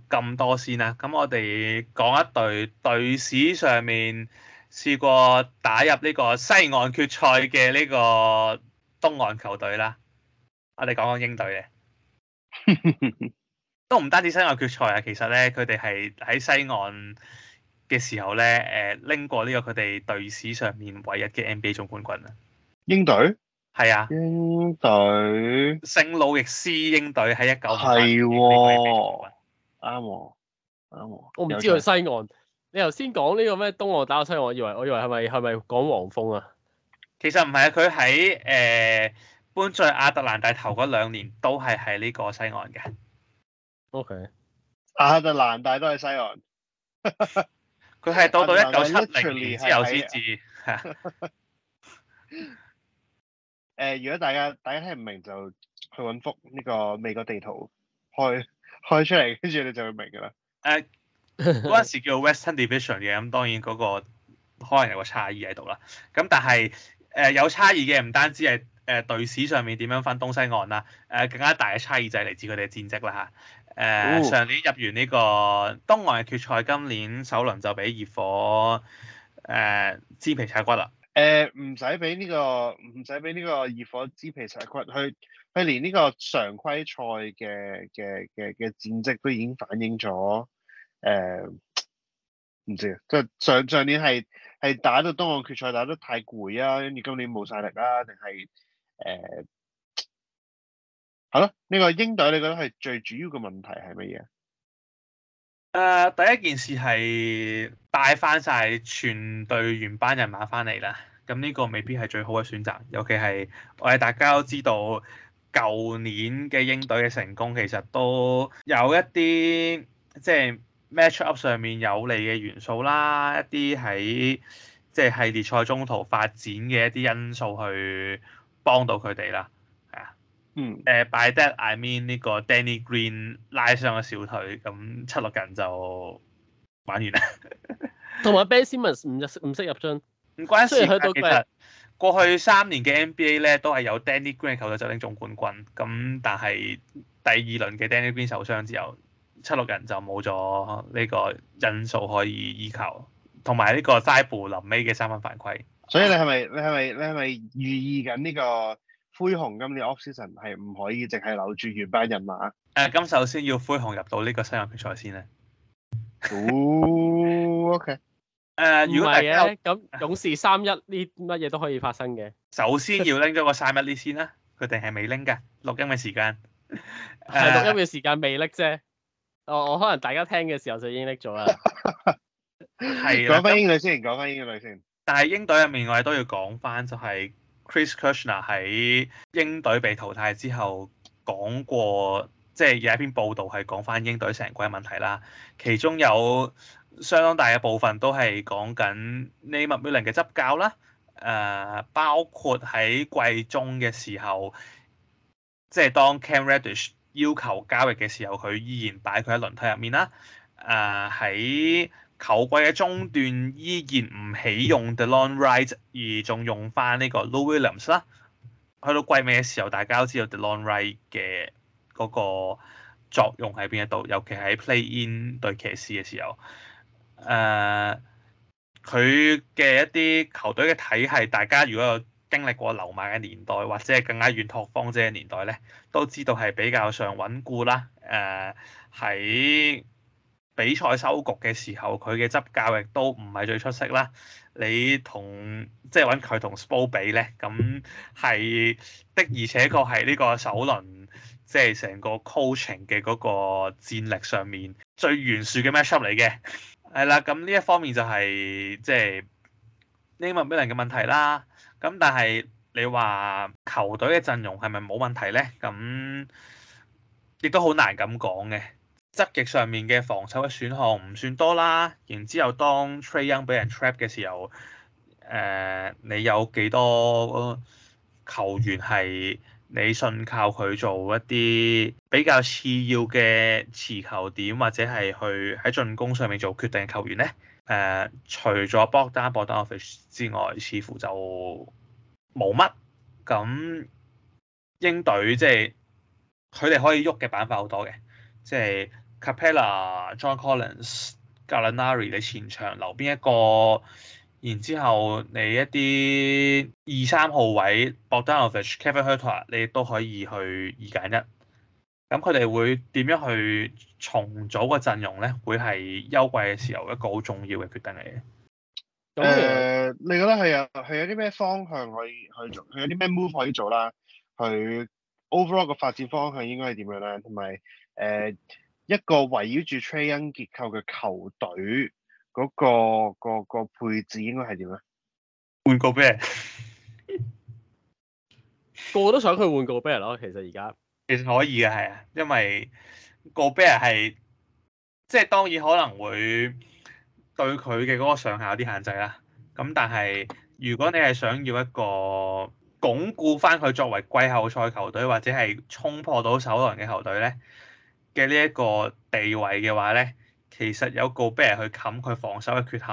咁多先啦，咁我哋講一隊隊史上面試過打入呢個西岸決賽嘅呢個東岸球隊啦，我哋講講鷹隊嘅， 都唔單止西岸決賽啊，其實咧佢哋係喺西岸嘅時候咧，誒、呃、拎過呢個佢哋隊史上面唯一嘅 NBA 總冠軍。啊，鷹隊。係 啊，聖鷹隊聖路易斯鷹隊喺一九係喎，啱喎、哦，啱喎。嗯嗯嗯嗯、我唔知佢西岸，嗯、你頭先講呢個咩東岸打西岸，我以為我以為係咪係咪講黃蜂啊？其實唔係啊，佢喺誒搬出去亞特蘭大頭嗰兩年都係喺呢個西岸嘅。OK，亞特蘭大都係西岸，佢 係到到一九七零年之後先至。 誒、呃，如果大家大家聽唔明就去揾幅呢個美國地圖開，開開出嚟，跟住你就會明噶啦。誒、呃，嗰陣時叫做 Western Division 嘅，咁、嗯、當然嗰個可能有個差異喺度啦。咁、嗯、但係誒、呃、有差異嘅唔單止係誒隊史上面點樣分東西岸啦，誒、呃、更加大嘅差異就係嚟自佢哋嘅戰績啦吓。誒、呃哦、上年入完呢個東岸嘅決賽，今年首輪就俾熱火誒煎、呃、皮拆骨啦。誒，唔使俾呢個，唔使俾呢個熱火支皮實骨，佢佢連呢個常規賽嘅嘅嘅嘅戰績都已經反映咗，誒、呃，唔知啊，即係上上年係係打到東岸決賽打得太攰啊，跟住今年冇晒力啦、啊，定係誒，係、呃、咯，呢、這個鷹隊你覺得係最主要嘅問題係乜嘢？誒，第一件事係。帶翻晒全隊原班人馬翻嚟啦，咁呢個未必係最好嘅選擇。尤其係我哋大家都知道舊年嘅英隊嘅成功，其實都有一啲即係、就是、match up 上面有利嘅元素啦，一啲喺即係系列賽中途發展嘅一啲因素去幫到佢哋啦。係啊，嗯，誒、uh,，by that I mean 呢個 Danny Green 拉傷嘅小腿，咁七六人就。玩完 啦，同埋 Ben Simmons 唔入唔識入樽，唔關事。其實過去三年嘅 NBA 咧都係有 Danny Green 球隊就領總冠軍，咁但係第二輪嘅 Danny Green 受傷之後，七六人就冇咗呢個因素可以依靠，同埋呢個齋布臨尾嘅三分犯規。所以你係咪你係咪你係咪寓意緊、這、呢個灰熊今年 Oklahoma 係唔可以淨係留住原班人馬？誒、啊，咁首先要灰熊入到個新入比賽呢個西岸決賽先咧。哦，OK 誒，如果係咧，咁勇士三一呢，乜嘢都可以發生嘅。首先要拎咗個晒乜呢先啦，佢哋係未拎㗎，錄音嘅時間。係錄音嘅時間未拎啫。哦、uh，我可能大家聽嘅時候就已經拎咗啦。係 的。講翻鷹隊先，嗯、先，講翻鷹隊先。但係鷹隊入面，我哋都要講翻，就係 Chris Krushner 喺鷹隊被淘汰之後講過。即係有一篇報導係講翻鷹隊成季問題啦，其中有相當大嘅部分都係講緊 Nate McMillan 嘅執教啦。誒，包括喺季中嘅時候，即係當 Cam Reddish 要求交易嘅時候，佢依然擺佢喺輪替入面啦。誒，喺球季嘅中段依然唔起用 Delon Wright，而仲用翻呢個 Lou Williams 啦。去到季尾嘅時候，大家都知道 Delon Wright 嘅。Right 嗰個作用喺邊一度？尤其喺 Play-In 對騎士嘅時候，誒、佢嘅一啲球隊嘅體系，大家如果有經歷過溜馬嘅年代，或者係更加遠拓荒者嘅年代咧，都知道係比較上穩固啦。誒、呃、喺比賽收局嘅時候，佢嘅執教亦都唔係最出色啦。你同即係揾佢同 Spur 比咧，咁係的而且確係呢個首輪。即係成個 coaching 嘅嗰個戰力上面最懸殊嘅 matchup 嚟嘅，係 啦。咁呢一方面就係即係呢麥俾人嘅問題啦。咁但係你話球隊嘅陣容係咪冇問題咧？咁亦都好難咁講嘅。積極上面嘅防守嘅選項唔算多啦。然之後當 Trae Young 俾人 trap 嘅時候，誒、呃、你有幾多球員係？你信靠佢做一啲比較次要嘅持球點，或者係去喺進攻上面做決定嘅球員咧？誒，uh，除咗 Bogdan Bogdanovic 之外，似乎就冇乜。咁鷹隊即係佢哋可以喐嘅板塊好多嘅，即係 Capela、John Collins、Gallinari，你前場留邊一個？然之後，你一啲二三號位，Bogdanovic、Kevin Huerter，你都可以去二揀一。咁佢哋會點樣去重組個陣容咧？會係休季嘅時候一個好重要嘅決定嚟嘅。誒、呃，你覺得係有係有啲咩方向可以去做？佢有啲咩 move 可以做啦？佢 overall 嘅發展方向應該係點樣咧？同埋誒一個圍繞住 training 結構嘅球隊。嗰、嗰個、嗰個嗰個配置應該係點咧？換個 bear。 個個都想去換個 bear 咯。其實而家其實可以嘅，係啊，因為個 bear 係即係當然可能會對佢嘅嗰個上限有啲限制啦。咁但係如果你係想要一個鞏固翻佢作為季後賽球隊或者係衝破到首輪嘅球隊咧嘅呢一個地位嘅話咧。其實有 Go bear 去冚佢防守嘅缺陷，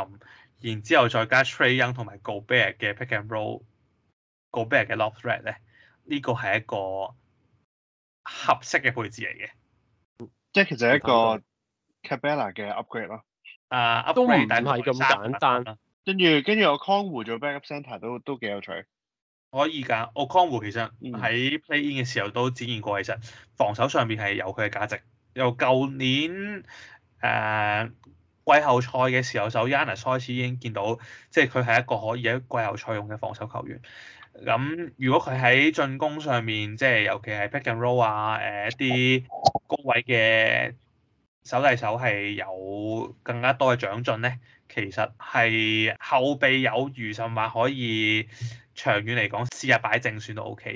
然之後再加 Trae Young 同埋 Go bear 嘅 pick and roll，Go bear、這個 bear 嘅 lob threat 咧，呢個係一個合適嘅配置嚟嘅，即係其實一個 Capela 嘅 upgrade 咯，啊 upgrade 但係唔係咁簡單啦，跟住跟住 Okongwu 做 backup center 都都幾有趣，可以㗎，Okongwu 其實喺、嗯、play in 嘅時候都展現過，其實防守上面係有佢嘅價值，由舊年。誒季、呃、後賽嘅時候首 Yanis 開始已經見到，即係佢係一個可以喺季後賽用嘅防守球員。咁如果佢喺進攻上面，即係尤其係 pick and roll 啊，誒一啲高位嘅手遞手係有更加多嘅長進咧，其實係後備有餘，甚至話可以長遠嚟講試下擺正選都 O K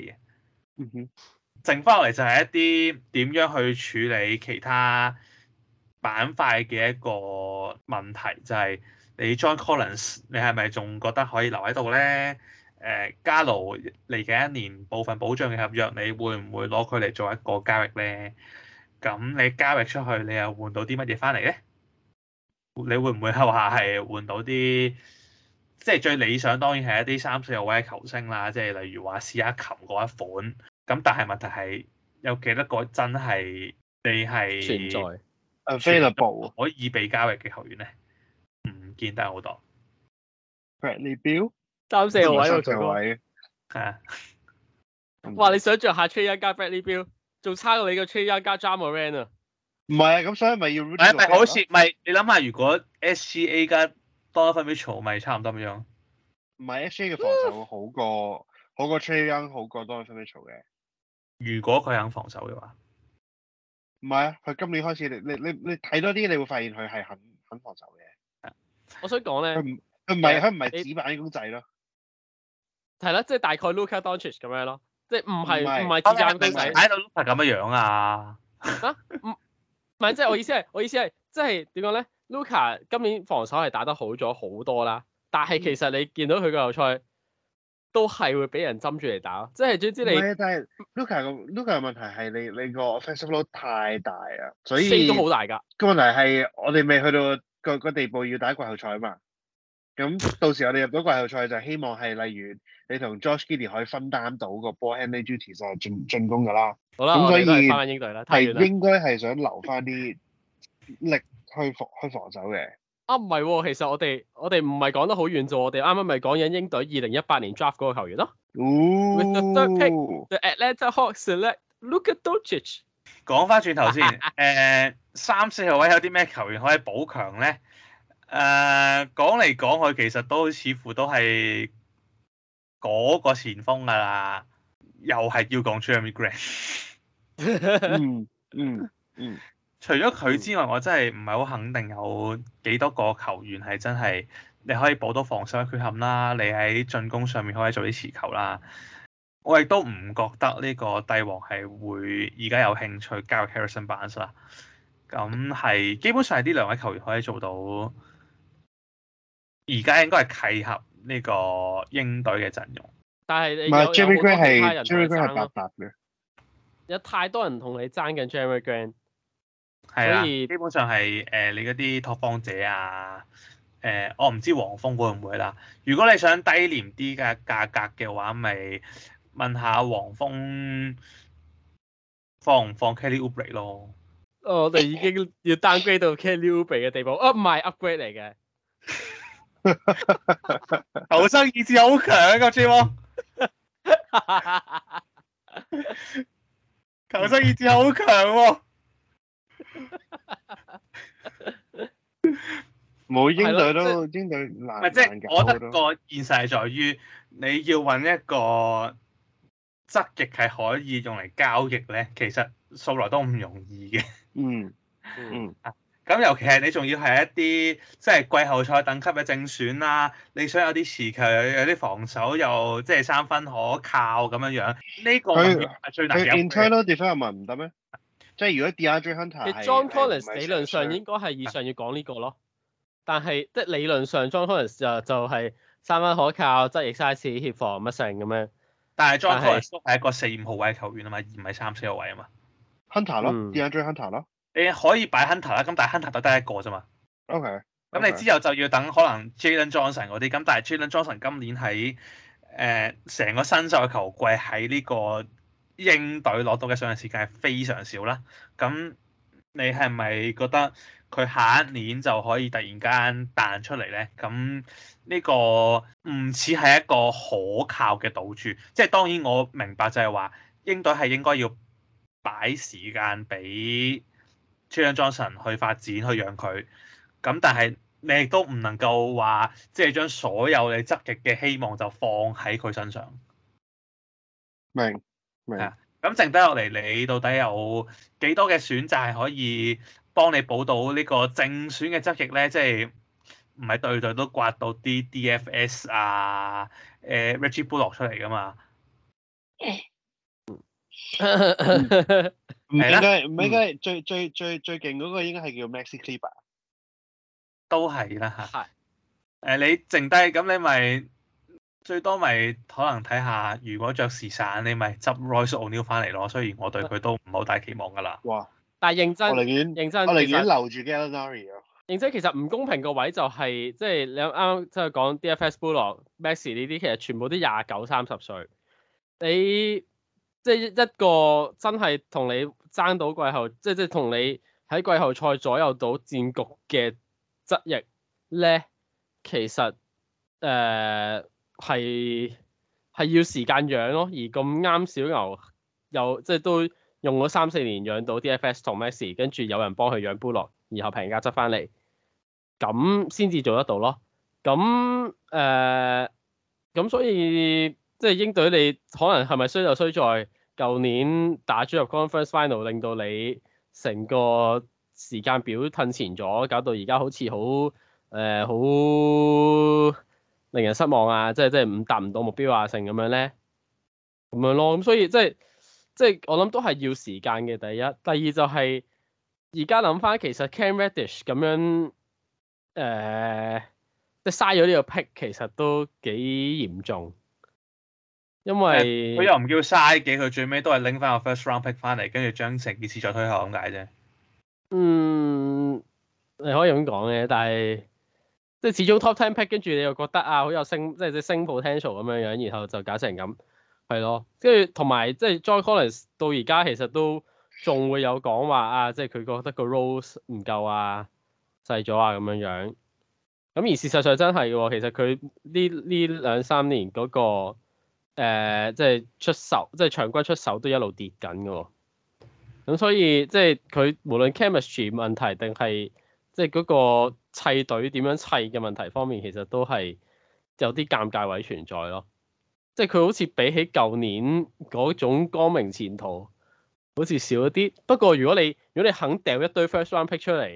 嘅。剩翻落嚟就係一啲點樣去處理其他。板塊嘅一個問題就係、是、你 John Collins，你係咪仲覺得可以留喺度咧？誒，加勞嚟緊一年部分保障嘅合約，你會唔會攞佢嚟做一個交易咧？咁你交易出去，你又換到啲乜嘢翻嚟咧？你會唔會係話係換到啲即係最理想？當然係一啲三四個位嘅球星啦，即係例如話史亞琴嗰一款。咁但係問題係有幾多個真係你係 available 可以被交易嘅球員咧，唔見得好多。Bradley Beal 三四號位，三四號位，係啊。 哇！你想象下，Trae Young 加 Bradley Beal 仲差過你個 Trae Young 加 Ja Morant 啊。唔係啊，咁所以咪要。係好似咪？你諗下，如果 SGA 加 Donovan Mitchell 咪差唔多咁樣？唔係 SGA 嘅防守好過 好過 Trae Young，好過 Donovan Mitchell 嘅。如果佢肯防守嘅話。唔係啊，佢今年開始，你你你你睇多啲，你會發現佢係肯肯防守嘅。我想講咧，佢唔佢唔係佢唔係紙板公仔咯，係啦，即係大概 Luca Doncic 咁樣咯，即係唔係唔係紙板公仔，睇到 Luca 咁樣樣啊？啊，唔唔係，即係我意思係，我意思係，即係點講咧？Luca 今年防守係打得好咗好多啦，但係其實你見到佢嘅球賽。都係會俾人針住嚟打，即係總之你，但係 Luka 個 Luka 嘅問題係你你個 face up load 太大啊，所以都好大噶。個問題係我哋未去到個個地步要打季後賽啊嘛。咁到時我哋入咗季後賽就希望係例如你同 Josh Giddey 可以分擔到個波 and duties 係進進攻噶啦，咁的所以係應該係想留翻啲力去防去防守嘅。啊，唔係喎，其實我哋我哋唔係講得好遠啫，我哋啱啱咪講緊鷹隊二零一八年 draft 嗰個球員咯。哦、oh,。The third pick, the Atlanta Hawks select, Luka Dončić. 講返轉頭先，誒，三四號位有啲咩球員可以補強咧？誒、呃，講嚟講去，其實都似乎都係嗰個前鋒噶啦，又係要講 Jerami Grant。嗯嗯嗯。除咗佢之外，我真係唔係好肯定有幾多個球員係真係你可以補到防守嘅缺陷啦。你喺進攻上面可以做啲持球啦。我亦都唔覺得呢個帝王係會而家有興趣加入 Harrison Barnes 啦。咁係基本上係呢兩位球員可以做到，而家應該係契合呢個鷹隊嘅陣容。但係你有太多人同你爭緊 Jammy Green。有太多人同你爭緊 Jammy Green。Jam 係啦，所以基本上係誒、呃、你嗰啲拓荒者啊，誒我唔知黃蜂會唔會啦。如果你想低廉啲嘅價格嘅話，咪問下黃蜂放唔放 Kelly u p g r a d 咯。哦、我哋已經要 d o w n 單機到 Kelly u p g r a d 嘅地步。哦唔係 Upgrade 嚟嘅。 求生意志好強啊 j u n 求生意志好強喎。冇 英對咯，英對唔係即係，我覺得個現實係在於，你要搵一個側翼係可以用嚟交易咧，其實數來都唔容易嘅。嗯嗯。咁、 嗯嗯、尤其係你仲要係一啲即係季後賽等級嘅正選啦、啊，你想有啲持球，有啲防守，又即係三分可靠咁樣樣。呢、這個佢佢 internal 唔得咩？即係如果 De'Andre Hunter，John Collins 理論上應該係以上要講呢個咯。但係即係理論上 John Collins 就就係三分可靠，質疑 size、協防乜成咁樣。斯斯斯斯但係 John Collins 係是一個四五號位嘅球員啊嘛，而唔係三四號位啊嘛。Hunter 咯了、嗯、De'Andre Hunter 咯，你可以擺 Hunter 啦。咁但係 Hunter 就得一個啫嘛。OK, okay。咁你之後就要等可能 Jalen Johnson 嗰啲。咁但係 Jalen Johnson 今年喺誒成個新秀球季喺呢個。鷹隊攞到嘅上陣時間係非常少啦，咁你係咪覺得佢下一年就可以突然間彈出嚟咧？咁呢個唔似係一個可靠嘅賭注。即係當然我明白就係話，鷹隊係應該要擺時間俾 Jalen Johnson 去發展去養佢。咁但係你亦都唔能夠話，即係將所有你積極嘅希望就放喺佢身上。明。係啊，咁剩低落嚟，你到底有幾多嘅選擇，係可以幫你補到呢個正選嘅執役咧？即係唔係對對都刮到啲 DFS 啊、誒、啊、Reggie Bullock 出嚟噶嘛？唔應該，唔應該，最最最最勁嗰個應該係叫 Maxi Kleber 都係啦嚇。係。誒，你剩低咁，你咪、就是。最多咪、就是、可能睇下，如果着時散，你咪執 Royce O'Neale 翻嚟咯。雖然我對佢都唔好大期望㗎啦。哇！但係認真，我寧願認真，我寧願實留住 Gallinari 咯。認真，其實唔公平個位就係即係你啱啱即係講 DFS Buller、Max 呢啲，其實全部都廿九、三十歲。你即係、就是、一個真係同你爭到季後，即係即係同你喺季後賽左右到戰局嘅質力咧，其實誒。呃係係要時間養咯，而咁啱小牛又即係都用咗三四年養到 DFS 同 Maxi 跟住有人幫佢養菠蘿，然後平價執翻嚟，咁先至做得到咯。咁誒咁所以即係鷹隊你可能係咪衰就衰在舊年打咗入 Conference Final，令到你成個時間表褪前咗，搞到而家好似好誒好～、呃令人失望啊，即係即係唔達唔到目標啊，成咁樣咧，咁樣咯。咁所以即係即係我諗都係要時間嘅。第一，第二就係而家諗翻，其實 Cam Reddish 咁樣誒、呃，即嘥咗呢個 pick，其實都幾嚴重。因為佢又唔叫嘥嘅，佢最尾都係拎翻個 first round pick 翻嚟，跟住將成件事再推後咁解啫。嗯，你可以咁講嘅，但係。即係始終 top ten pick 跟住你又覺得啊，好有升，即係即係升 potential 咁樣樣，然後就搞成咁，係咯。跟住同埋即係 John Collins 到而家其實都仲會有講話啊，即係佢覺得個 role 唔夠啊，細咗啊咁樣樣。咁而事實上真係喎、哦，其實佢呢呢兩三年嗰、那個即係、呃就是、出手，即、就、係、是、常規出手都一路跌緊嘅喎。咁所以即係佢無論 chemistry 問題定係即係嗰個。砌隊點樣砌嘅問題方面，其實都係有啲尷尬位存在咯。即係佢好似比起舊年嗰種光明前途，好似少一啲。不過如果你如果你肯掉一堆 first round pick 出嚟，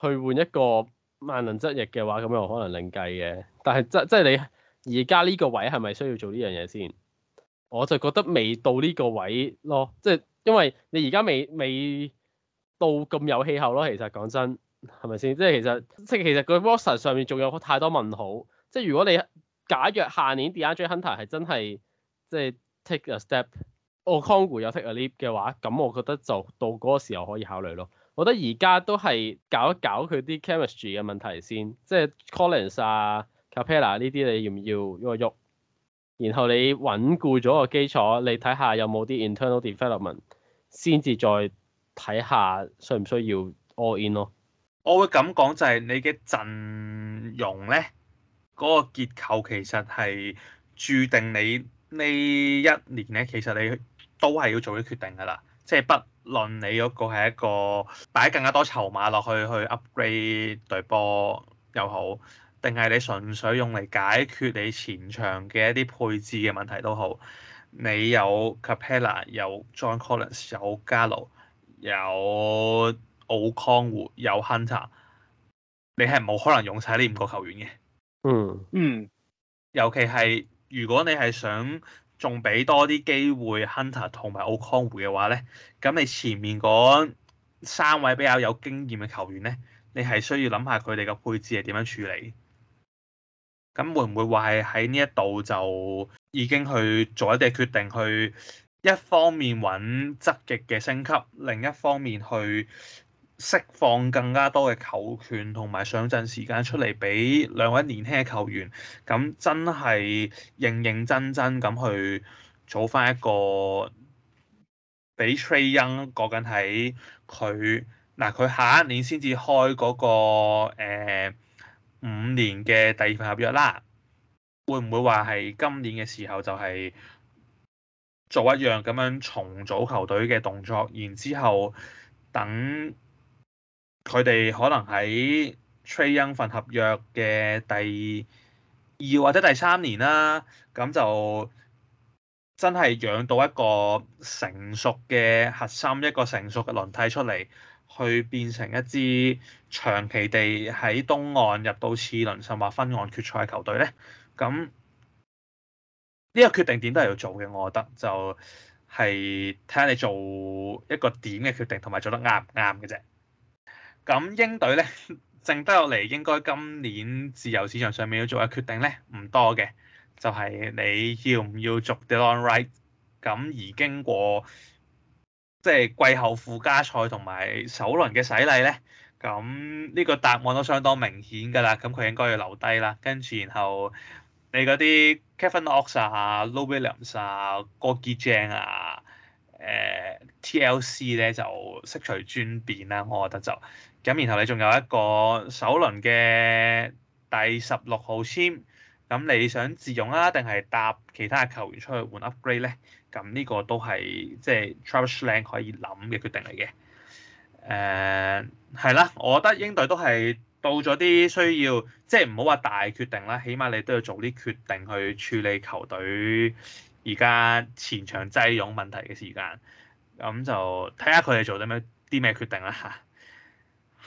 去換一個萬能質翼嘅話，咁又可能另計嘅。但係即即係你而家呢個位係咪需要做呢樣嘢先？我就覺得未到呢個位咯。即係因為你而家未未到咁有氣候咯。其實講真。係咪先？即係其實，即係其實佢 WhatsApp 上面仲有太多問號。即係如果你假若下年 De'Andre Hunter 係真係即係 take a step，Okongwu 有 take a leap 嘅話，咁我覺得就到嗰個時候可以考慮咯。我覺得而家都係搞一搞佢啲 chemistry 嘅問題先，即係 Collins 啊、Capela 呢啲，你有有要唔要喐一喐？然後你穩固咗個基礎，你睇下有冇啲 internal development 先至再睇下需唔需要 all in 咯。我會咁講就係你嘅陣容咧，嗰、那個結構其實係注定你呢一年咧，其實你都係要做啲決定噶啦。即係不論你嗰個係一個擺更加多籌碼落去去 upgrade 隊波又好，定係你純粹用嚟解決你前場嘅一啲配置嘅問題都好，你有 Capella，有 John Collins，有 Gallo，有。奧康湖有亨特，你係冇可能用晒呢五個球員嘅。嗯嗯，尤其係如果你係想仲俾多啲機會亨特同埋奧康湖嘅話咧，咁你前面嗰三位比較有經驗嘅球員咧，你係需要諗下佢哋嘅配置係點樣處理。咁會唔會話係喺呢一度就已經去做一啲決定，去一方面揾側翼嘅升級，另一方面去，釋放更加多嘅球權同埋上陣時間出嚟俾兩位年輕嘅球員，咁真係認認真真咁去組返一個，俾 Trae Young 講緊喺佢嗱佢下一年先至開嗰個、欸、五年嘅第二份合約啦，會唔會話係今年嘅時候就係做一樣咁樣重組球隊嘅動作，然之後等？佢哋可能喺 training 份合約嘅第二或者第三年啦，咁就真係養到一個成熟嘅核心，一個成熟嘅輪替出嚟，去變成一支長期地喺東岸入到次輪，甚至分岸決賽嘅球隊咧。咁呢個決定點都係要做嘅，我覺得就係睇下你做一個點嘅決定，同埋做得啱唔啱嘅啫。咁鷹隊咧，剩得落嚟應該今年自由市場上面要做嘅決定咧，唔多嘅，就係、是、你要唔要續 Delon Wright。咁而經過即係、就是、季後附加賽同埋首輪嘅洗禮咧，咁呢個答案都相當明顯㗎啦。咁佢應該要留低啦。跟住然後你嗰啲 Kevin Knox、Lou Williams 啊、Gorgui Dieng 啊、誒 TLC 咧就悉隨尊便啦。我覺得就～咁然後你仲有一個首輪嘅第十六號簽，咁你想自用啊，定係搭其他嘅球員出去換 upgrade 咧？咁呢個都係即係、就是、Travis Lang 可以諗嘅決定嚟嘅。誒，係啦，我覺得鷹隊都係到咗啲需要，即係唔好話大決定啦，起碼你都要做啲決定去處理球隊而家前場擠擁問題嘅時間。咁就睇下佢哋做啲咩，啲咩決定啦嚇。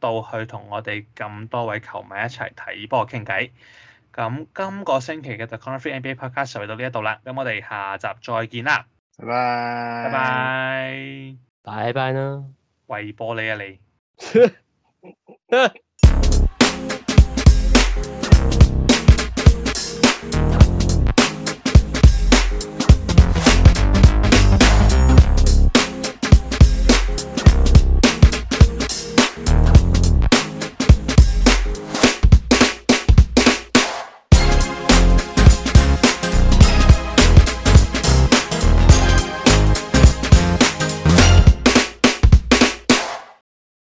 到去同我哋咁多位球迷一齊睇波傾偈，咁今個星期嘅 The Corner 3 NBA Podcast 就嚟到呢一度啦，咁我哋下集再見啦，拜拜 bye，拜拜 bye，拜拜咯，為波你啊你。